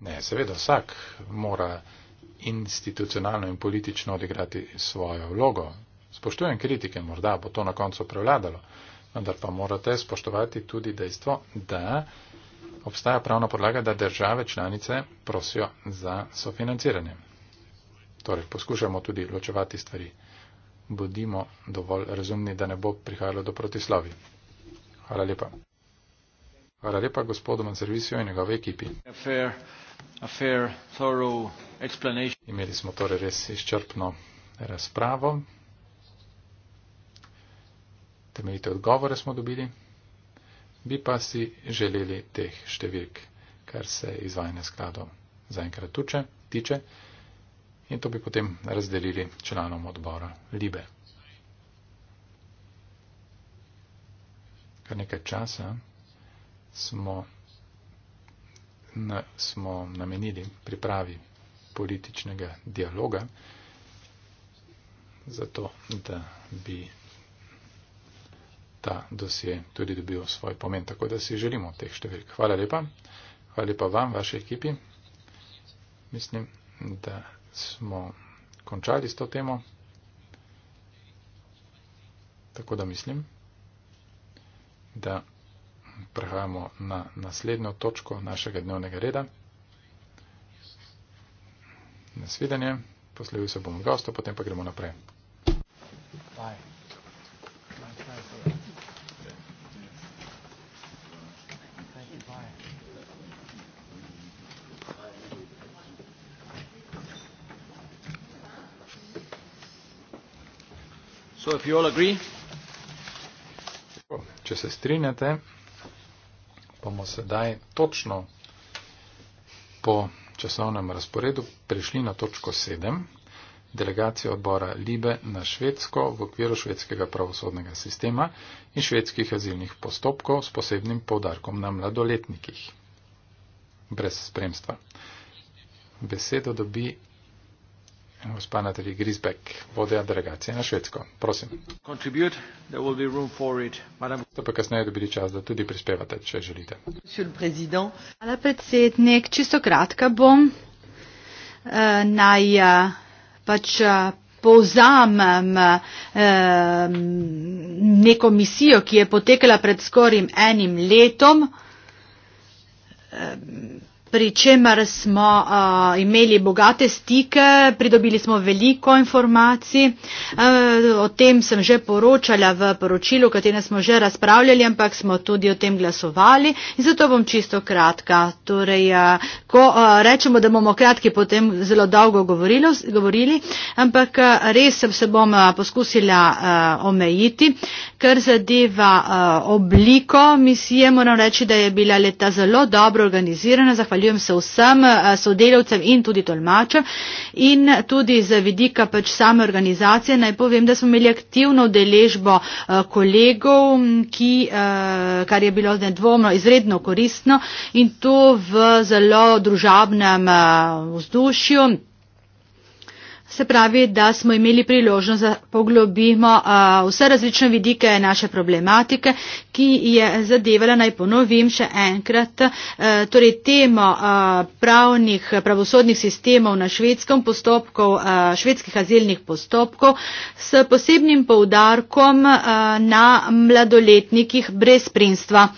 Ne, seveda vsak mora institucionalno in politično odigrati svojo vlogo. Spoštujem kritike, morda bo to na koncu prevladalo, vendar pa morate spoštovati tudi dejstvo, da obstaja pravna podlaga, da države članice prosijo za sofinanciranje. Torej, poskušamo tudi ločevati stvari. Bodimo dovolj razumni, da ne bo prihajalo do protislavi. Hvala lepa. Hvala lepa gospodu Manservisiju in njegove ekipi. A fair, a fair, Imeli smo torej res izčrpno razpravo. Temeljite odgovore smo dobili bi pa si želeli teh številk, kar se izvajanja skladov zaenkrat tiče. In to bi potem razdelili članom odbora Libe. Kar nekaj časa smo, na, smo namenili pripravi političnega dialoga, zato da bi ta dosje tudi dobil svoj pomen. Tako da si želimo teh številk. Hvala lepa. Hvala lepa vam, vaši ekipi. Mislim, da smo končali s to temo. Tako da mislim, da prehajamo na naslednjo točko našega dnevnega reda. Nasvidenje, poslovil se bom gosto, potem pa gremo naprej. Bye. So if you all agree, Če se strinjate, bomo sedaj točno po časovnem razporedu prišli na točko 7, delegacija odbora Libe na Švedsko v okviru švedskega pravosodnega sistema in švedskih azilnih postopkov s posebnim povdarkom na mladoletnikih brez spremstva. Besedo dobi gospa Natalie Grisbeck, vodja delegacije na Švedsko. Prosim. Ste pa kasneje dobili čas, da tudi prispevate, če želite. Hvala, predsednik. Čisto kratka bom. Uh, naj uh, pač. Uh, povzamem eh, neko misijo, ki je potekala pred skorim enim letom, pri čemer smo uh, imeli bogate stike, pridobili smo veliko informacij. Uh, o tem sem že poročala v poročilu, o katerem smo že razpravljali, ampak smo tudi o tem glasovali. In zato bom čisto kratka. Torej, uh, ko uh, rečemo, da bomo kratki, potem zelo dolgo govorilo, govorili, ampak uh, res se bom uh, poskusila uh, omejiti. Uh, Kar zadeva uh, obliko misije, moram reči, da je bila leta zelo dobro organizirana. Zahvaljujem se vsem uh, sodelavcem in tudi tolmačem. In tudi z vidika pač same organizacije naj povem, da smo imeli aktivno deležbo uh, eh, kolegov, ki, uh, kar je bilo nedvomno izredno koristno in to v zelo družabnem uh, vzdušju. Se pravi, da smo imeli priložnost, da poglobimo uh, vse različne vidike naše problematike, ki je zadevala, naj ponovim še enkrat, uh, torej temo uh, pravnih, pravosodnih sistemov na švedskem postopku, uh, švedskih azilnih postopkov, s posebnim poudarkom uh, na mladoletnikih brez prinstva.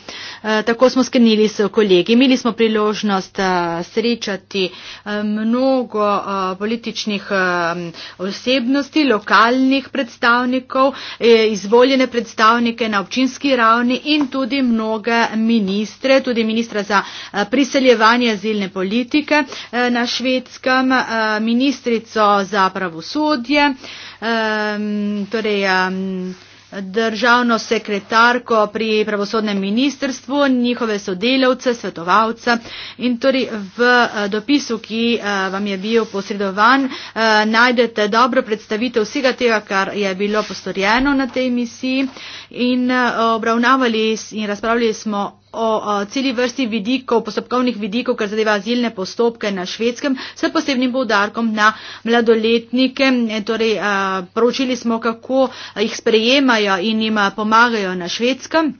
Uh, tako smo sklenili s kolegi. Imeli smo priložnost uh, srečati uh, mnogo uh, političnih uh, um, osebnosti, lokalnih predstavnikov, eh, izvoljene predstavnike na občinski ravni in tudi mnoge ministre, tudi ministra za eh, priseljevanje azilne politike eh, na švedskem, eh, ministrico za pravosodje, eh, torej, eh, državno sekretarko pri pravosodnem ministrstvu, njihove sodelavce, svetovalce in torej v eh, dopisu, ki eh, vam je bil posredovan, eh, najdete dobro predstavitev vsega tega, kar je bilo postorjeno na tej misiji in obravnavali in razpravljali smo o a, celi vrsti vidikov, postopkovnih vidikov, kar zadeva azilne postopke na švedskem, s posebnim povdarkom na mladoletnike. E, torej, a, poročili smo, kako jih sprejemajo in jim pomagajo na švedskem.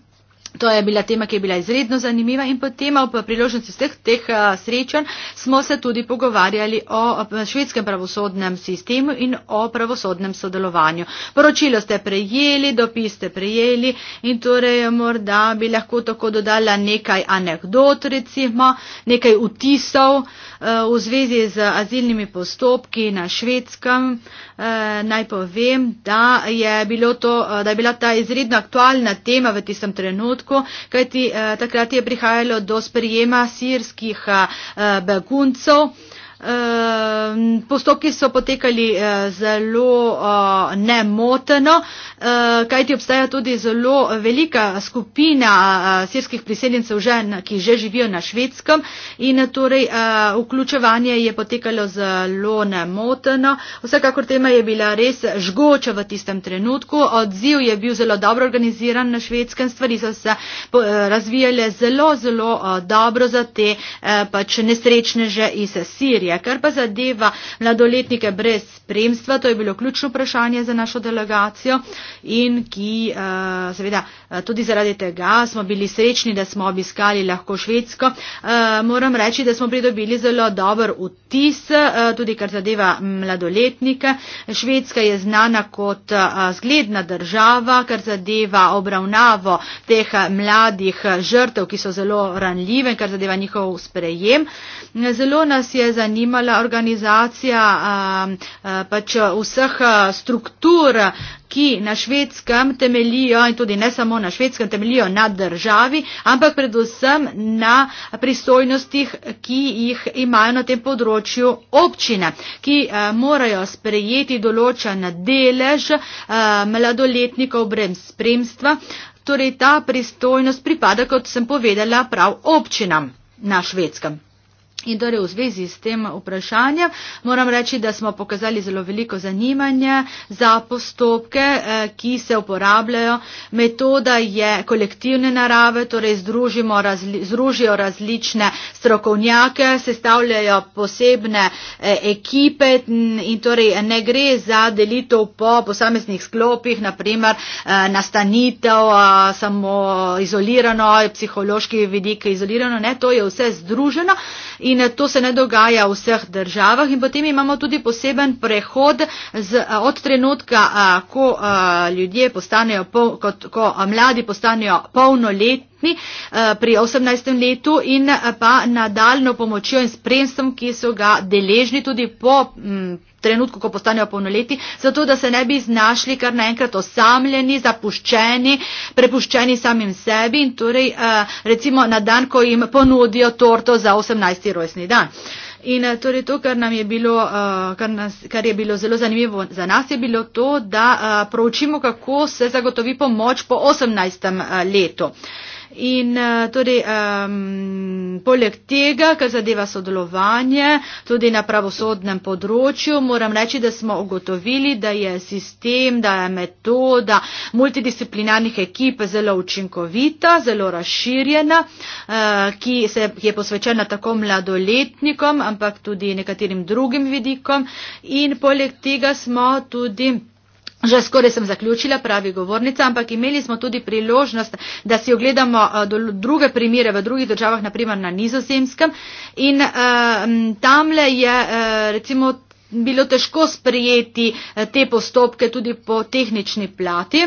To je bila tema, ki je bila izredno zanimiva in potem ob priložnosti vseh teh srečanj smo se tudi pogovarjali o švedskem pravosodnem sistemu in o pravosodnem sodelovanju. Poročilo ste prejeli, dopis ste prejeli in torej morda bi lahko tako dodala nekaj anekdot, recimo nekaj vtisov e, v zvezi z azilnimi postopki na švedskem. E, naj povem, da je, to, e, da je bila ta izredno aktualna tema v tistem trenutku trenutku, kajti eh, takrat je prihajalo do sprijema sirskih eh, beguncev. Ehm, postopki so potekali eh, zelo eh, nemoteno, eh, kajti obstaja tudi zelo velika skupina sirskih priseljencev žen, ki že živijo na švedskem in torej vključevanje je potekalo zelo nemoteno. Vsekakor tema je bila res žgoča v tistem trenutku, odziv je bil zelo dobro organiziran na švedskem, stvari so se razvijale zelo, zelo dobro za te pač nesrečneže iz Sirije študije. Kar pa zadeva mladoletnike brez spremstva, to je bilo ključno vprašanje za našo delegacijo in ki eh, seveda eh, tudi zaradi tega smo bili srečni, da smo obiskali lahko Švedsko. Eh, moram reči, da smo pridobili zelo dober vtis, tudi kar zadeva mladoletnike. Švedska je znana kot zgledna država, kar zadeva obravnavo teh mladih žrtev, ki so zelo ranljive, kar zadeva njihov sprejem. Zelo nas je zanimivo, zanimala organizacija um, uh, pač uh, vseh uh, struktur, ki na švedskem temelijo in tudi ne samo na švedskem temelijo na državi, ampak predvsem na pristojnostih, ki jih imajo na tem področju občine, ki morajo sprejeti določen delež mladoletnikov brez spremstva. Torej ta pristojnost pripada, kot sem povedala, prav občinam na švedskem. In torej v zvezi s tem vprašanjem moram reči, da smo pokazali zelo veliko zanimanja za postopke, eh, ki se uporabljajo. Metoda je kolektivne narave, torej razli, združijo različne strokovnjake, sestavljajo posebne eh, ekipe in torej ne gre za delitev po posameznih sklopih, naprimer eh, nastanitev, samo izolirano, psihološki vidik izolirano, ne, to je vse združeno. In in to se ne dogaja v vseh državah. In potem imamo tudi poseben prehod z, eh, od trenutka, a, eh, ko, a, eh, ljudje postanejo pol, kot, ko a, mladi postanejo polnoletni pri 18. letu in pa nadaljno pomočjo in spremstvom, ki so ga deležni tudi po mm, trenutku, ko postanejo polnoleti, zato da se ne bi znašli kar naenkrat osamljeni, zapuščeni, prepuščeni samim sebi in torej eh, recimo na dan, ko jim ponudijo torto za 18. rojstni dan. In eh, torej to, kar, je bilo, eh, kar, nas, kar je bilo zelo zanimivo za nas, je bilo to, da proučimo, kako se zagotovi pomoč po 18. letu. In uh, tudi um, poleg tega, kar zadeva sodelovanje tudi na pravosodnem področju, moram reči, da smo ugotovili, da je sistem, da je metoda multidisciplinarnih ekip zelo učinkovita, zelo razširjena, uh, ki, se, ki je posvečena tako mladoletnikom, ampak tudi nekaterim drugim vidikom. In poleg tega smo tudi. Že skoraj sem zaključila, pravi govornica, ampak imeli smo tudi priložnost, da si ogledamo eh, druge primere v drugih državah, naprimer na nizozemskem. In uh, tamle je uh, recimo bilo težko sprijeti te postopke tudi po tehnični plati,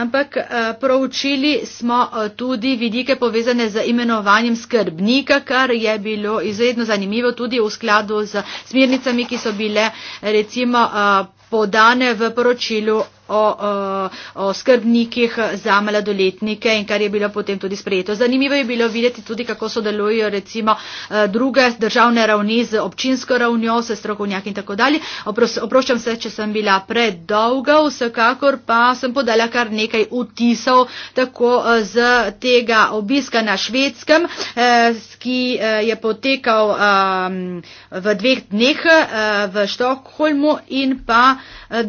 ampak proučili smo tudi vidike povezane z imenovanjem skrbnika, kar je bilo izredno zanimivo tudi v skladu z smirnicami, ki so bile recimo podane v poročilu o, o, o skrbnikih za mladoletnike in kar je bilo potem tudi sprejeto. Zanimivo je bilo videti tudi, kako sodelujo recimo eh, druge državne ravni z občinsko ravnjo, se strokovnjaki in tako dalje. Oprošam se, če sem bila predolga, vsekakor pa sem podala kar nekaj utisov tako eh, z tega obiska na švedskem, eh, ki je potekal ehm, v dveh dneh v Štokholmu in pa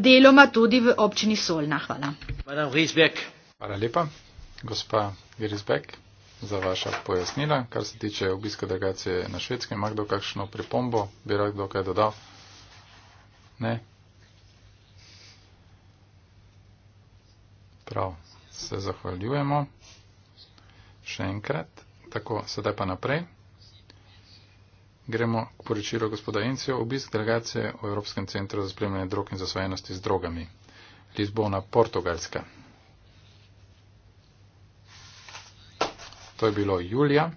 deloma tudi v občini. Južni Solna. Hvala. Hvala lepa, gospa Grisbek, za vaša pojasnila, kar se tiče obiska delegacije na švedskem. Ima kdo kakšno pripombo? Bi rad kdo kaj dodal? Ne? Prav, se zahvaljujemo. Še enkrat. Tako, sedaj pa naprej. Gremo k poročilu gospoda Encijo, obisk delegacije v Evropskem centru za spremljanje drog in zasvojenosti z drogami. Lizbona, Portugalska. To je bilo julija.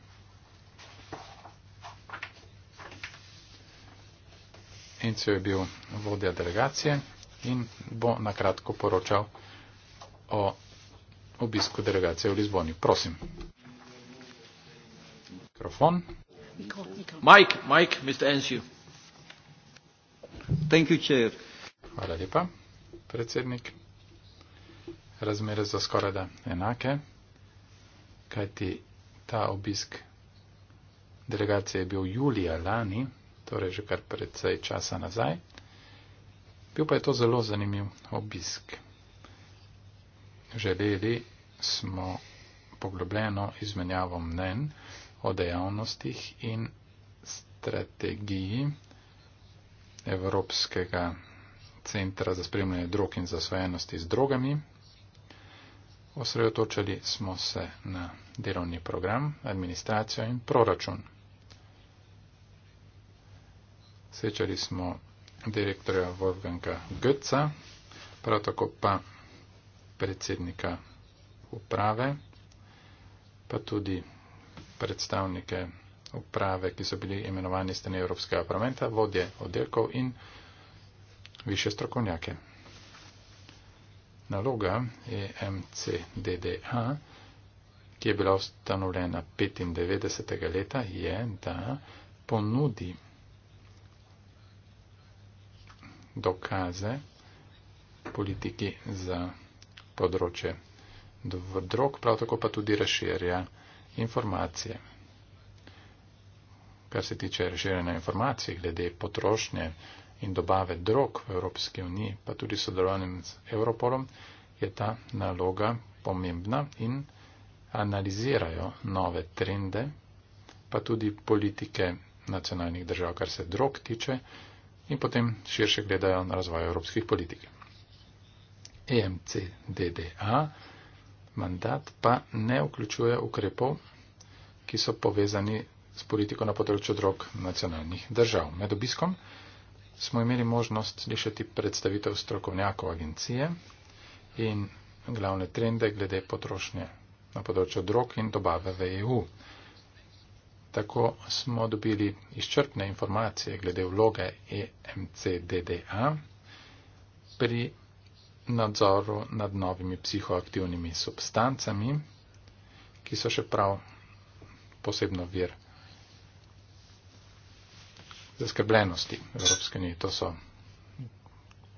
Enco je bil vodja delegacije in bo nakratko poročal o obisku delegacije v Lizboni. Prosim. Mikrofon. Mike, Mike, Mr. Enzio. Thank you, Chair. Hvala lepa predsednik. Razmere so skoraj da enake, kajti ta obisk delegacije je bil julija lani, torej že kar predvsej časa nazaj. Bil pa je to zelo zanimiv obisk. Želeli smo poglobljeno izmenjavo mnen o dejavnostih in strategiji evropskega centra za spremljanje drog in zasvojenosti z drogami. Osredotočali smo se na delovni program, administracijo in proračun. Srečali smo direktorja Wolfganga Götza, prav tako pa predsednika uprave, pa tudi predstavnike uprave, ki so bili imenovani strani Evropskega parlamenta, vodje oddelkov in više strokovnjake. Naloga je MCDDA, ki je bila ustanovljena 95. leta, je, da ponudi dokaze politiki za področje drog, prav tako pa tudi razširja informacije. Kar se tiče razširjanja informacij glede potrošnje in dobave drog v Evropski uniji, pa tudi sodelovanjem z Europolom, je ta naloga pomembna in analizirajo nove trende, pa tudi politike nacionalnih držav, kar se drog tiče, in potem širše gledajo na razvoj evropskih politik. EMCDDA mandat pa ne vključuje ukrepov, ki so povezani s politiko na področju drog nacionalnih držav. Med obiskom smo imeli možnost slišati predstavitev strokovnjakov agencije in glavne trende glede potrošnje na področju drog in dobave v EU. Tako smo dobili izčrpne informacije glede vloge EMCDDA pri nadzoru nad novimi psihoaktivnimi substancami, ki so še prav posebno vir zaskrbljenosti Evropske unije. To so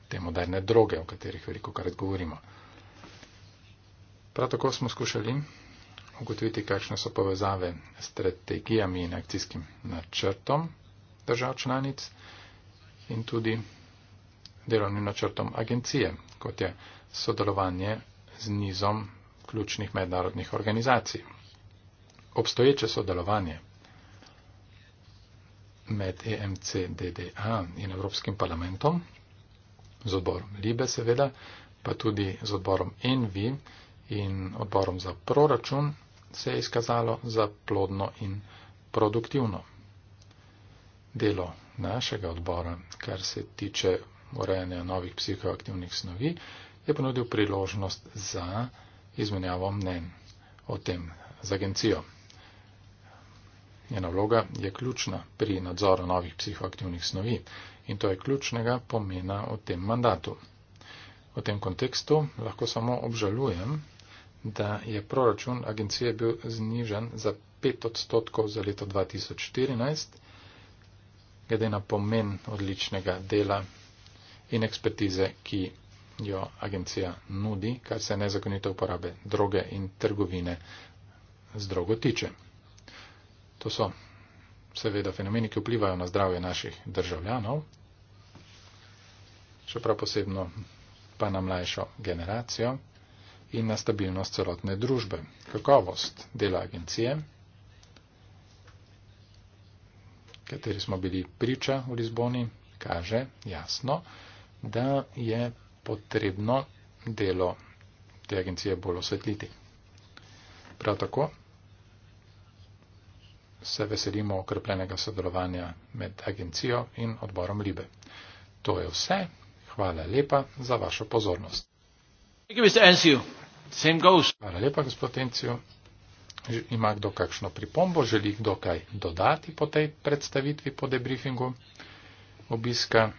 te moderne droge, o katerih veliko krat govorimo. Prav tako smo skušali ugotoviti, kakšne so povezave s strategijami in akcijskim načrtom držav članic in tudi delovnim načrtom agencije, kot je sodelovanje z nizom ključnih mednarodnih organizacij. Obstoječe sodelovanje med EMC, DDA in Evropskim parlamentom, z odborom Libe seveda, pa tudi z odborom Envi in odborom za proračun se je izkazalo za plodno in produktivno. Delo našega odbora, kar se tiče urejanja novih psihoaktivnih snovi, je ponudil priložnost za izmenjavo mnen o tem z agencijo. Njena vloga je ključna pri nadzoru novih psihoaktivnih snovi in to je ključnega pomena v tem mandatu. V tem kontekstu lahko samo obžalujem, da je proračun agencije bil znižen za 5 odstotkov za leto 2014, glede na pomen odličnega dela in ekspertize, ki jo agencija nudi, kar se nezakonite uporabe droge in trgovine z drogo tiče. To so seveda fenomeni, ki vplivajo na zdravje naših državljanov, še prav posebno pa na mlajšo generacijo in na stabilnost celotne družbe, kakovost dela agencije, kateri smo bili priča v Lizboni, kaže jasno, da je potrebno delo te agencije bolj osvetliti. Prav tako se veselimo okrepljenega sodelovanja med agencijo in odborom Libe. To je vse. Hvala lepa za vašo pozornost. Hvala lepa, gospod Enciu. Ima kdo kakšno pripombo? Želi kdo kaj dodati po tej predstavitvi, po debriefingu obiska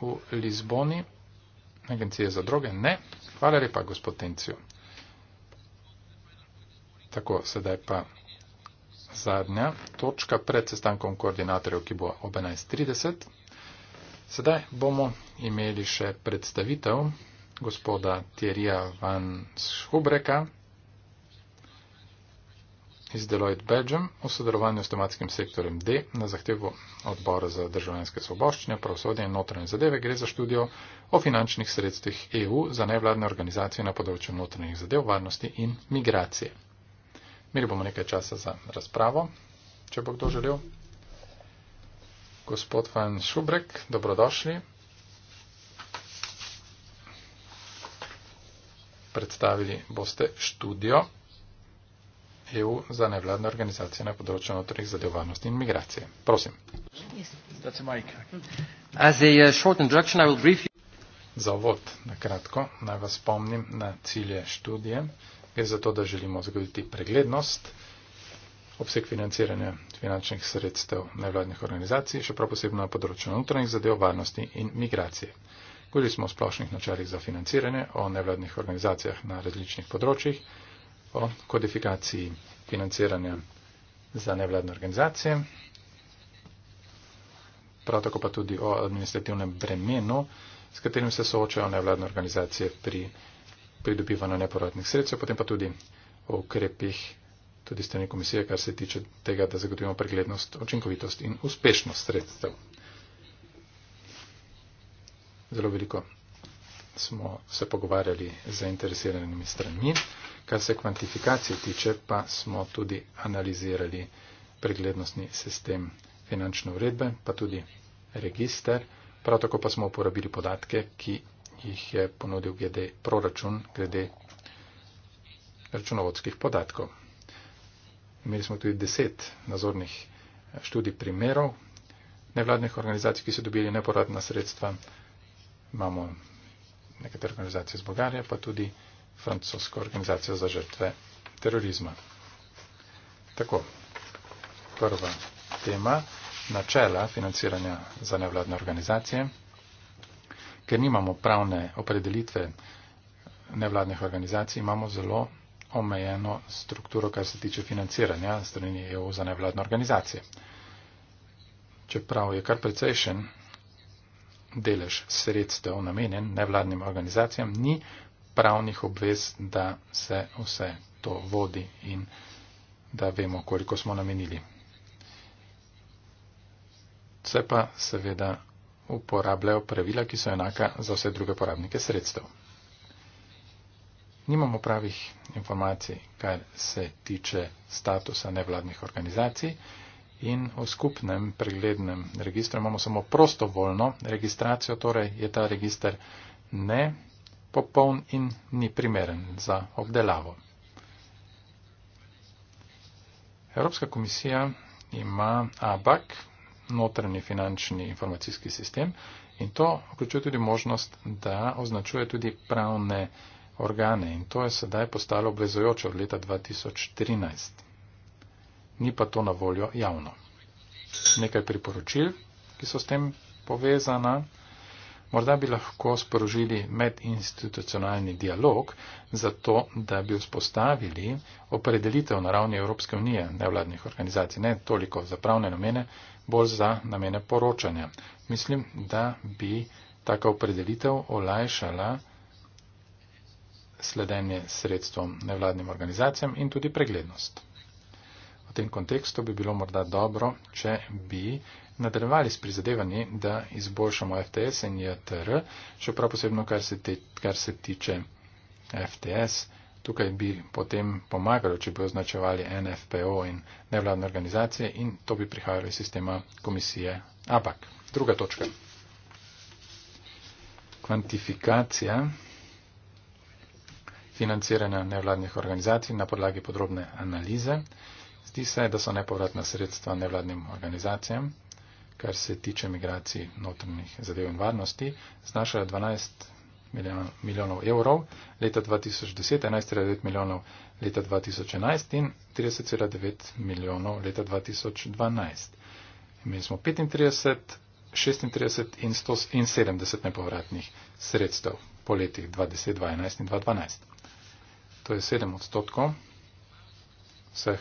v Lizboni? Agencije za droge? Ne. Hvala lepa, gospod Enciu. Tako, sedaj pa zadnja točka pred sestankom koordinatorjev, ki bo ob 11.30. Sedaj bomo imeli še predstavitev gospoda Tjerija van Schubreka iz Deloitte Belgium o sodelovanju s tematskim sektorjem D na zahtevo odbora za državljanske svoboščine, pravosodje in notranje zadeve. Gre za študijo o finančnih sredstvih EU za nevladne organizacije na področju notranjih zadev, varnosti in migracije. Imeli bomo nekaj časa za razpravo, če bo kdo želel. Gospod Van Šubrek, dobrodošli. Predstavili boste študijo EU za nevladne organizacije na področju notranjih zadev varnosti in migracije. Prosim. Uh, za uvod, na kratko, naj vas spomnim na cilje študije gre za to, da želimo zagotoviti preglednost, obseg financiranja finančnih sredstev nevladnih organizacij, še prav posebno na področju notranjih zadev, varnosti in migracije. Govorili smo o splošnih načelih za financiranje, o nevladnih organizacijah na različnih področjih, o kodifikaciji financiranja za nevladne organizacije, prav tako pa tudi o administrativnem bremenu, s katerim se soočajo nevladne organizacije pri pridobivanju neporodnih sredstev, potem pa tudi o ukrepih tudi strani komisije, kar se tiče tega, da zagotovimo preglednost, očinkovitost in uspešnost sredstev. Zelo veliko smo se pogovarjali z zainteresiranimi strani. Kar se kvantifikacije tiče, pa smo tudi analizirali preglednostni sistem finančne uredbe, pa tudi register. Prav tako pa smo uporabili podatke, ki jih je ponudil glede proračun, glede računovodskih podatkov. Imeli smo tudi deset nazornih eh, študij primerov nevladnih organizacij, ki so dobili neporadna sredstva. Imamo nekatere organizacije iz Bolgarije, pa tudi francosko organizacijo za žrtve terorizma. Tako, prva tema, načela financiranja za nevladne organizacije ker nimamo pravne opredelitve nevladnih organizacij, imamo zelo omejeno strukturo, kar se tiče financiranja strani EU za nevladne organizacije. Čeprav je kar precejšen delež sredstev namenjen nevladnim organizacijam, ni pravnih obvez, da se vse to vodi in da vemo, koliko smo namenili. Vse pa seveda uporabljajo pravila, ki so enaka za vse druge porabnike sredstev. Nimamo pravih informacij, kar se tiče statusa nevladnih organizacij in v skupnem preglednem registru imamo samo prostovoljno registracijo, torej je ta registr ne popoln in ni primeren za obdelavo. Evropska komisija ima ABAC, notranji finančni informacijski sistem in to vključuje tudi možnost, da označuje tudi pravne organe in to je sedaj postalo obvezojoče od leta 2013. Ni pa to na voljo javno. Nekaj priporočil, ki so s tem povezana. Morda bi lahko sporožili medinstitucionalni dialog za to, da bi vzpostavili opredelitev na ravni Evropske unije nevladnih organizacij, ne toliko za pravne namene, bolj za namene poročanja. Mislim, da bi taka opredelitev olajšala sledenje sredstvom nevladnim organizacijam in tudi preglednost. V tem kontekstu bi bilo morda dobro, če bi nadaljevali s prizadevanji, da izboljšamo FTS in JTR, čeprav posebno, kar se, te, kar se tiče FTS. Tukaj bi potem pomagalo, če bi označevali NFPO in nevladne organizacije in to bi prihajalo iz sistema komisije APAK. Druga točka. Kvantifikacija financiranja nevladnih organizacij na podlagi podrobne analize. Zdi se, da so nepovratna sredstva nevladnim organizacijam kar se tiče migracij notrnih zadev in varnosti, znašala 12 milijon, milijonov evrov leta 2010, 11,9 milijonov leta 2011 in 30,9 milijonov leta 2012. Imeli smo 35, 36 in, 100, in 70 nepovratnih sredstev po letih 2010, 2011 in 2012. To je 7 odstotkov vseh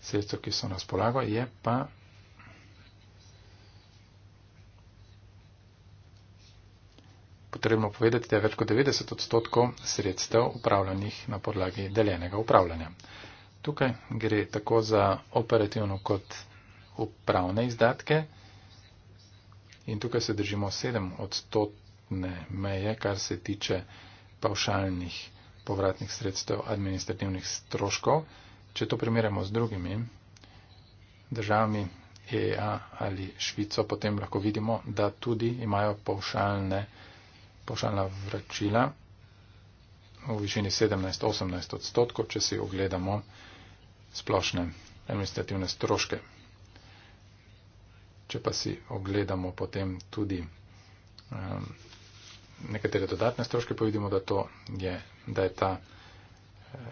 sredstev, ki so na razpolago, je pa potrebno povedati, da je več kot 90 odstotkov sredstev upravljanih na podlagi deljenega upravljanja. Tukaj gre tako za operativno kot upravne izdatke in tukaj se držimo 7 odstotne meje, kar se tiče pavšalnih povratnih sredstev administrativnih stroškov. Če to primerjamo z drugimi državami EEA ali Švico, potem lahko vidimo, da tudi imajo pavšalne sredstev pošaljna vračila v višini 17-18 odstotkov, če si ogledamo splošne administrativne stroške. Če pa si ogledamo potem tudi um, nekatere dodatne stroške, pa vidimo, da, je, da je ta um,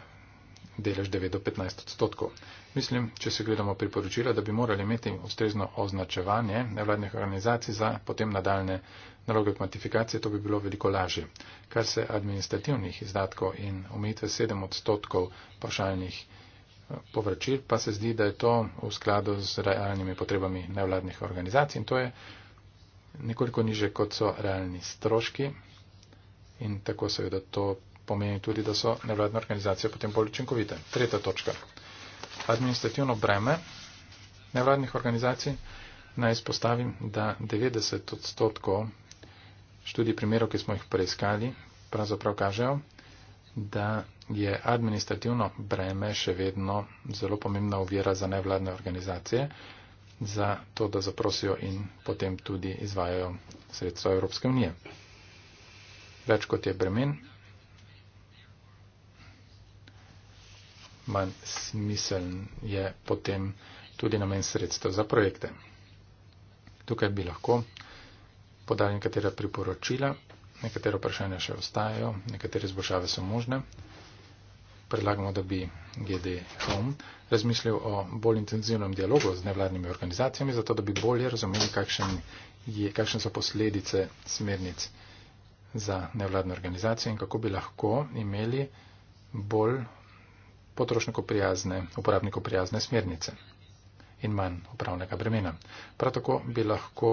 delež 9 do 15 odstotkov. Mislim, če se gledamo priporočila, da bi morali imeti ustrezno označevanje nevladnih organizacij za potem nadaljne naloge kvantifikacije, to bi bilo veliko lažje. Kar se administrativnih izdatkov in omejitve 7 odstotkov pašalnih eh, povračil, pa se zdi, da je to v skladu z realnimi potrebami nevladnih organizacij in to je nekoliko niže, kot so realni stroški in tako seveda to pomeni tudi, da so nevladne organizacije potem bolj učinkovite. Tretja točka. Administrativno breme nevladnih organizacij. Naj izpostavim, da 90 odstotkov študij primerov, ki smo jih preiskali, pravzaprav kažejo, da je administrativno breme še vedno zelo pomembna uvira za nevladne organizacije, za to, da zaprosijo in potem tudi izvajajo sredstva Evropske unije. Več kot je bremen, manj smiseln je potem tudi namen sredstev za projekte. Tukaj bi lahko podali nekatera priporočila, nekatera vprašanja še ostajajo, nekatere izboljšave so možne. Predlagamo, da bi GD Home razmislil o bolj intenzivnem dialogu z nevladnimi organizacijami, zato da bi bolje razumeli, kakšen je, kakšne so posledice smernic za nevladne organizacije in kako bi lahko imeli bolj potrošniku prijazne, uporabniku prijazne smernice in manj upravnega bremena. Prav tako bi lahko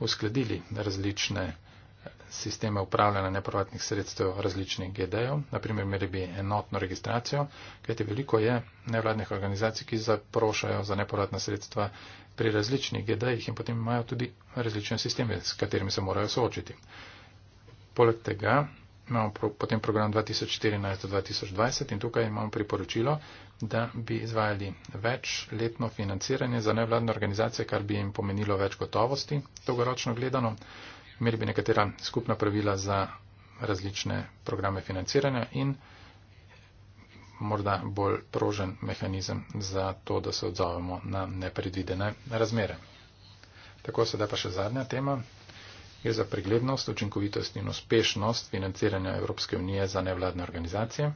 uskladili različne eh, sisteme upravljanja neprovatnih sredstev različnih GD-jev, naprimer imeli bi enotno registracijo, kajti veliko je nevladnih organizacij, ki zaprošajo za neprovatna sredstva pri različnih GD-jih in potem imajo tudi različne sisteme, s katerimi se morajo soočiti. Poleg tega imamo pro, potem program 2014-2020 in tukaj imamo priporočilo, da bi izvajali večletno financiranje za nevladne organizacije, kar bi jim pomenilo več gotovosti, dolgoročno gledano. Imeli bi nekatera skupna pravila za različne programe financiranja in morda bolj prožen mehanizem za to, da se odzovemo na nepredvidene razmere. Tako sedaj pa še zadnja tema gre za preglednost, učinkovitost in uspešnost financiranja Evropske unije za nevladne organizacije.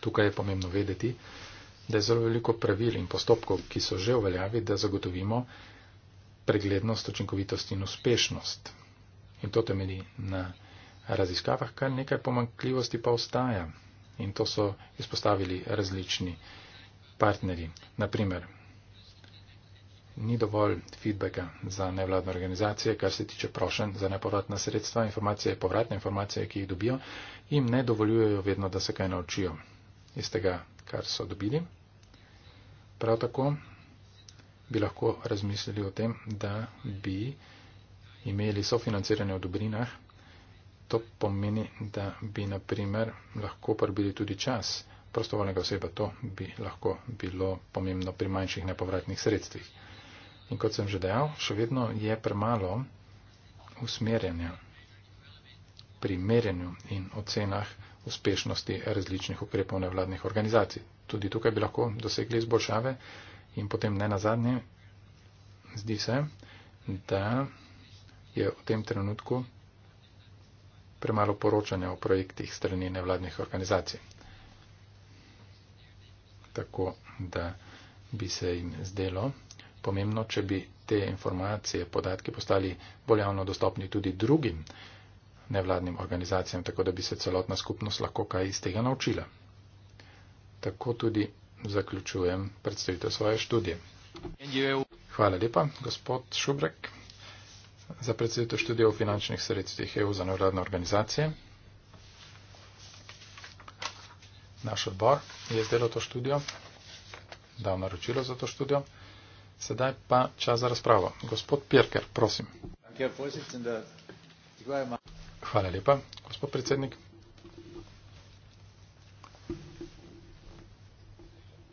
Tukaj je pomembno vedeti, da je zelo veliko pravil in postopkov, ki so že uveljavi, da zagotovimo preglednost, učinkovitost in uspešnost. In to temelji na raziskavah, kar nekaj pomankljivosti pa ostaja. In to so izpostavili različni partnerji. Naprimer, ni dovolj feedbacka za nevladne organizacije, kar se tiče prošen za nepovratna sredstva, informacije, povratne informacije, ki jih dobijo, jim ne dovoljujejo vedno, da se kaj naučijo iz tega, kar so dobili. Prav tako bi lahko razmislili o tem, da bi imeli sofinanciranje v dobrinah. To pomeni, da bi naprimer lahko pribili tudi čas prostovoljnega oseba. To bi lahko bilo pomembno pri manjših nepovratnih sredstvih. In kot sem že dejal, še vedno je premalo usmerjanja pri merjenju in ocenah uspešnosti različnih ukrepov nevladnih organizacij. Tudi tukaj bi lahko dosegli izboljšave in potem ne nazadnje, zdi se, da je v tem trenutku premalo poročanja o projektih strani nevladnih organizacij. Tako da bi se jim zdelo, pomembno, če bi te informacije, podatki postali bolj javno dostopni tudi drugim nevladnim organizacijam, tako da bi se celotna skupnost lahko kaj iz tega naučila. Tako tudi zaključujem predstavitev svoje študije. Hvala lepa, gospod Šubrek, za predstavitev študije o finančnih sredstvih EU za nevladne organizacije. Naš odbor je izdelal to študijo, dal naročilo za to študijo. Sedaj pa čas za razpravo. Gospod Pirker, prosim. Hvala lepa, gospod predsednik.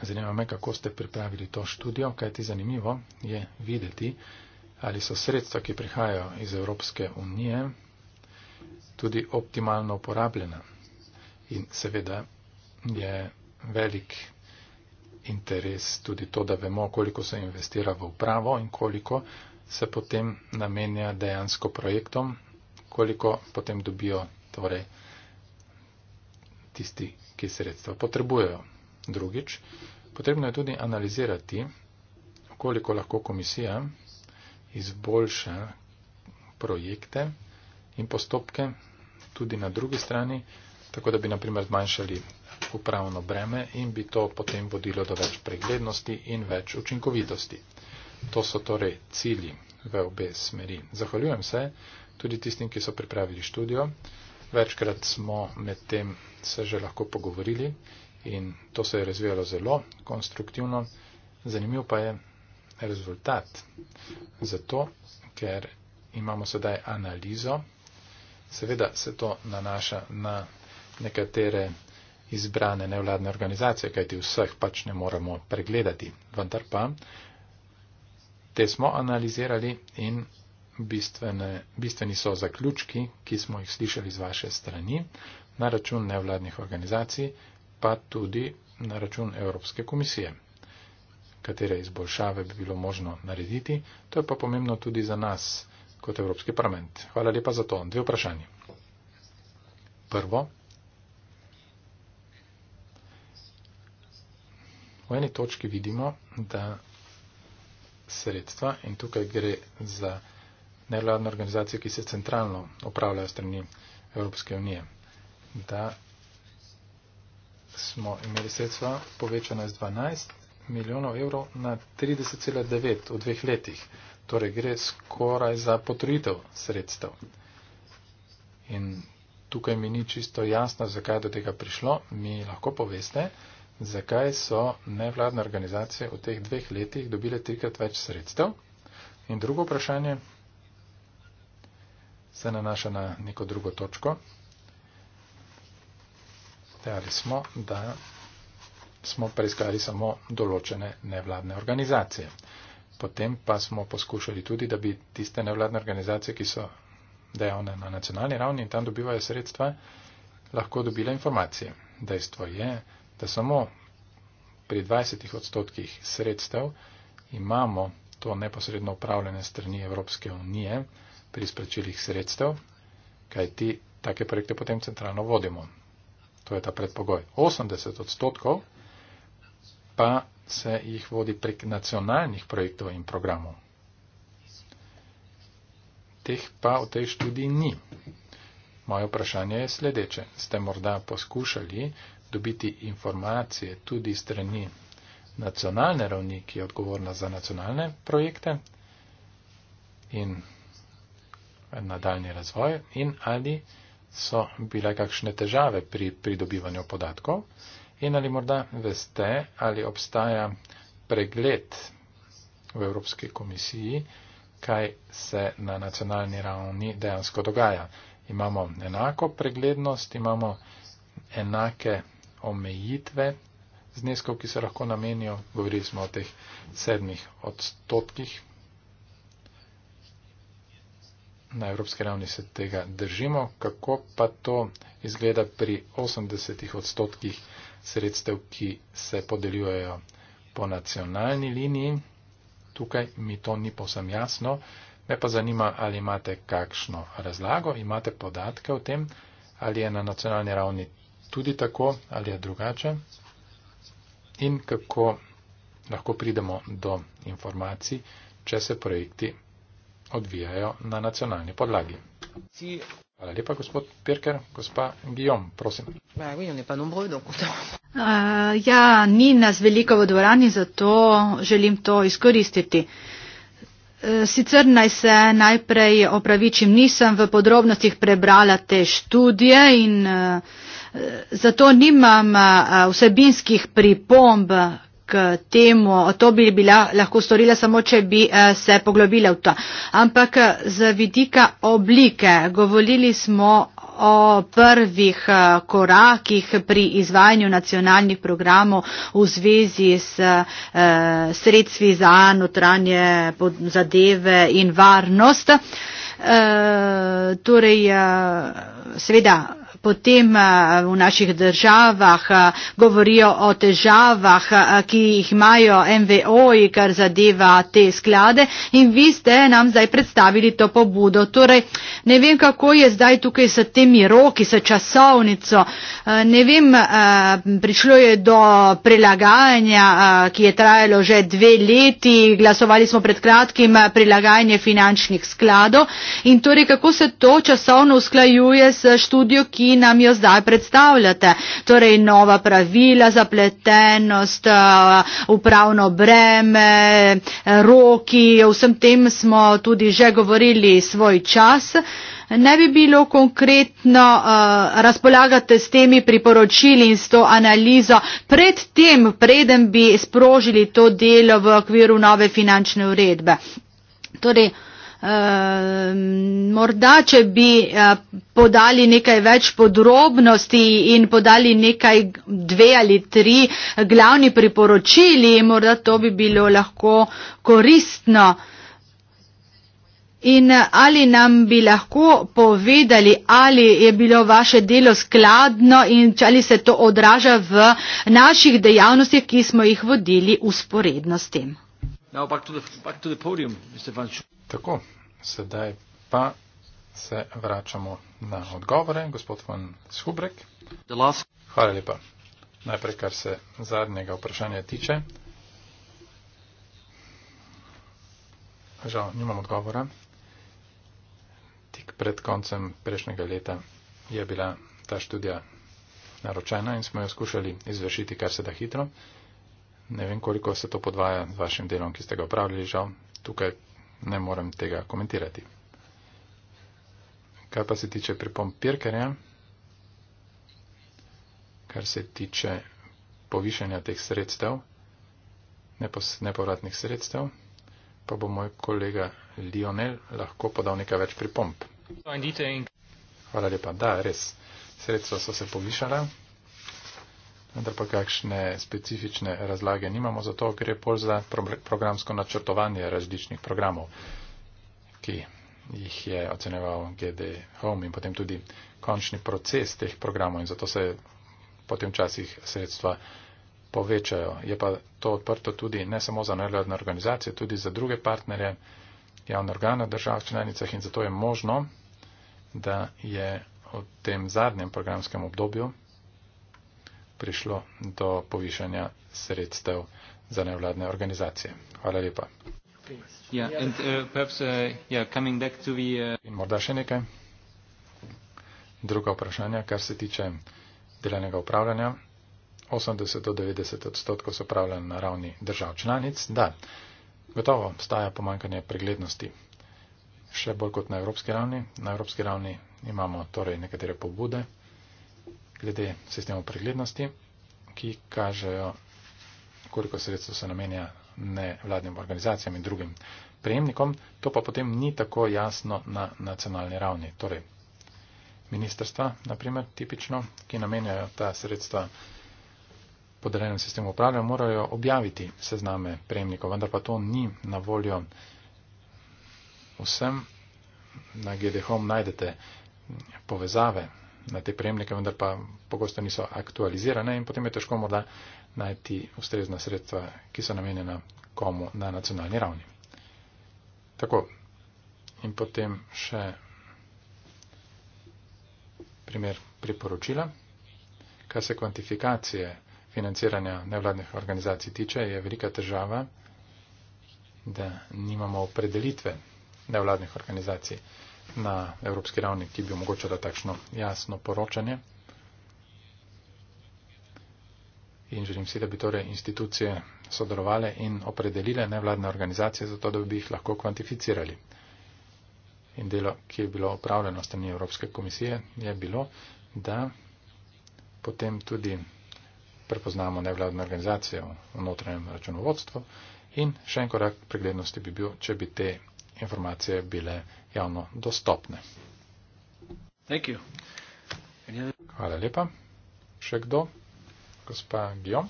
Zanima me, kako ste pripravili to študijo, kajti zanimivo je videti, ali so sredstva, ki prihajajo iz Evropske unije, tudi optimalno uporabljena. In seveda je velik interes tudi to, da vemo, koliko se investira v upravo in koliko se potem namenja dejansko projektom, koliko potem dobijo torej, tisti, ki sredstva potrebujejo. Drugič, potrebno je tudi analizirati, koliko lahko komisija izboljša projekte in postopke tudi na drugi strani, tako da bi naprimer zmanjšali upravno breme in bi to potem vodilo do več preglednosti in več učinkovitosti. To so torej cilji v obe smeri. Zahvaljujem se tudi tistim, ki so pripravili študijo. Večkrat smo med tem se že lahko pogovorili in to se je razvijalo zelo konstruktivno. Zanimiv pa je rezultat. Zato, ker imamo sedaj analizo, seveda se to nanaša na nekatere izbrane nevladne organizacije, kajti vseh pač ne moramo pregledati. Vendar pa te smo analizirali in bistveni so zaključki, ki smo jih slišali z vaše strani, na račun nevladnih organizacij, pa tudi na račun Evropske komisije katere izboljšave bi bilo možno narediti. To je pa pomembno tudi za nas kot Evropski parlament. Hvala lepa za to. Dve vprašanje. Prvo. V eni točki vidimo, da sredstva in tukaj gre za nevladne organizacije, ki se centralno upravljajo strani Evropske unije, da smo imeli sredstva povečana z 12 milijonov evrov na 30,9 v dveh letih. Torej gre skoraj za potrojitev sredstev. In tukaj mi ni čisto jasno, zakaj je do tega prišlo. Mi lahko poveste, zakaj so nevladne organizacije v teh dveh letih dobile trikrat več sredstev. In drugo vprašanje se nanaša na neko drugo točko. Dejali smo, da smo preiskali samo določene nevladne organizacije. Potem pa smo poskušali tudi, da bi tiste nevladne organizacije, ki so dejavne na nacionalni ravni in tam dobivajo sredstva, lahko dobile informacije. Dejstvo je, da samo pri 20 odstotkih sredstev imamo to neposredno upravljanje strani Evropske unije pri izplačilih sredstev, kaj ti take projekte potem centralno vodimo. To je ta predpogoj. 80 odstotkov pa se jih vodi prek nacionalnih projektov in programov. Teh pa v tej študiji ni. Moje vprašanje je sledeče. Ste morda poskušali dobiti informacije tudi strani nacionalne ravni, ki je odgovorna za nacionalne projekte in nadaljni razvoj in ali so bile kakšne težave pri pridobivanju podatkov in ali morda veste, ali obstaja pregled v Evropski komisiji, kaj se na nacionalni ravni dejansko dogaja. Imamo enako preglednost, imamo enake omejitve zneskov, ki se lahko namenijo. Govorili smo o teh sedmih odstotkih. Na evropski ravni se tega držimo. Kako pa to izgleda pri 80 odstotkih sredstev, ki se podeljujejo po nacionalni liniji? Tukaj mi to ni povsem jasno. Me pa zanima, ali imate kakšno razlago, imate podatke o tem, ali je na nacionalni ravni tudi tako ali je drugače in kako lahko pridemo do informacij, če se projekti odvijajo na nacionalni podlagi. Hvala lepa, gospod Pirker. Gospa Guillaume, prosim. Uh, ja, ni nas veliko v dvorani, zato želim to izkoristiti. Eh, sicer naj se najprej opravičim, nisem v podrobnostih prebrala te študije in uh, zato nimam vsebinskih pripomb k temu, to bi bila, lahko storila samo, če bi se poglobila v to. Ampak z vidika oblike govorili smo o prvih korakih pri izvajanju nacionalnih programov v zvezi s sredstvi za notranje zadeve in varnost. Torej, seveda, potem eh, v naših državah eh, govorijo o težavah, eh, ki jih imajo MVO-ji, kar zadeva te sklade in vi ste nam zdaj predstavili to pobudo. Torej, ne vem, kako je zdaj tukaj s temi roki, s časovnico. Ne vem, prišlo je do prilagajanja, ki je trajalo že dve leti, glasovali smo pred kratkim prilagajanje finančnih skladov in torej, kako se to časovno usklajuje s študijo, ki nam jo zdaj predstavljate. Torej, nova pravila, zapletenost, eh, upravno breme, eh, roki, vsem tem smo tudi že govorili svoj čas. Ne bi bilo konkretno uh, eh, razpolagati s temi priporočili in s to analizo predtem, preden bi sprožili to delo v okviru nove finančne uredbe. Torej, uh, Ehm, morda, če bi eh, podali nekaj več podrobnosti in podali nekaj dve ali tri glavni priporočili, morda to bi bilo lahko koristno. In eh, ali nam bi lahko povedali, ali je bilo vaše delo skladno in ali se to odraža v naših dejavnostih, ki smo jih vodili usporedno s tem. Now back to the, back to the podium, Mr. Van Tako, sedaj pa se vračamo na odgovore, gospod Van Schubrek. Last... Hvala lepa. Najprej, kar se zadnjega vprašanja tiče. Žal, nimam odgovora. Tik pred koncem prejšnjega leta je bila ta študija naročena in smo jo skušali izvršiti kar se da hitro. Ne vem, koliko se to podvaja z vašim delom, ki ste ga opravljali, žal. Tukaj ne morem tega komentirati. Kaj pa se tiče pripomp Pirkerja, kar se tiče povišanja teh sredstev, nepovratnih sredstev, pa bo moj kolega Lionel lahko podal nekaj več pripomp. Hvala lepa, da, res, sredstva so se povišala, vendar pa kakšne specifične razlage nimamo, zato gre bolj za programsko načrtovanje različnih programov, ki jih je oceneval GD Home in potem tudi končni proces teh programov in zato se potem včasih sredstva povečajo. Je pa to odprto tudi ne samo za nevladne organizacije, tudi za druge partnerje, javne organe v državah članicah in zato je možno, da je v tem zadnjem programskem obdobju prišlo do povišanja sredstev za nevladne organizacije. Hvala lepa. Yeah, ja, and, uh, perhaps, uh, yeah, back to the, uh... In morda še nekaj. Druga vprašanja, kar se tiče delenega upravljanja. 80 do 90 odstotkov so upravljanja na ravni držav članic. Da, gotovo staja pomankanje preglednosti. Še bolj kot na evropski ravni. Na evropski ravni imamo torej nekatere pobude glede sistemov preglednosti, ki kažejo, koliko sredstev se namenja nevladnim organizacijam in drugim prejemnikom. To pa potem ni tako jasno na nacionalni ravni. Torej, ministrstva, naprimer, tipično, ki namenjajo ta sredstva podeljenem sistemu upravljanja, morajo objaviti sezname prejemnikov, vendar pa to ni na voljo vsem. Na GDHOM najdete povezave na te prejemnike, vendar pa pogosto niso aktualizirane in potem je težko morda najti ustrezna sredstva, ki so namenjena komu na nacionalni ravni. Tako. In potem še primer priporočila. Kar se kvantifikacije financiranja nevladnih organizacij tiče, je velika težava, da nimamo opredelitve nevladnih organizacij na evropski ravni, ki bi omogočala takšno jasno poročanje. In želim si, da bi torej institucije sodelovale in opredelile nevladne organizacije, zato da bi jih lahko kvantificirali. In delo, ki je bilo upravljeno strani Evropske komisije, je bilo, da potem tudi prepoznamo nevladne organizacije v notranjem računovodstvu in še en korak preglednosti bi bil, če bi te informacije bile javno dostopne. Thank you. Other... Hvala lepa. Še kdo? Gospa Guillaume,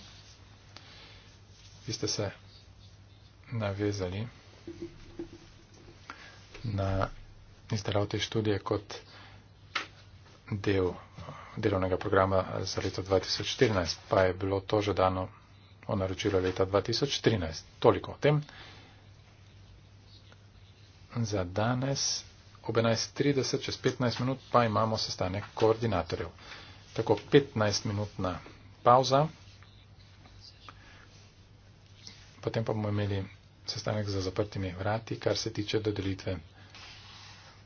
vi ste se navezali na izdelav te študije kot del delovnega programa za leto 2014, pa je bilo to že dano o naročilo leta 2013. Toliko o tem za danes ob 11.30, čez 15 minut pa imamo sestanek koordinatorjev. Tako 15-minutna pauza, potem pa bomo imeli sestanek za zaprtimi vrati, kar se tiče dodelitve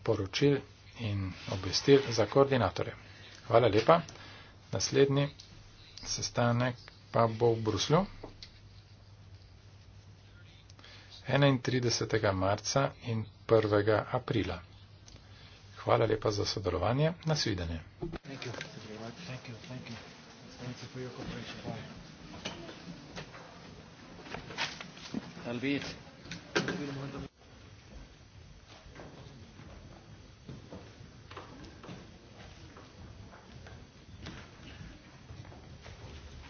poročil in obvestil za koordinatorje. Hvala lepa. Naslednji sestanek pa bo v Bruslju. 31. marca in 1. aprila. Hvala lepa za sodelovanje. Nasvidenje. Albert.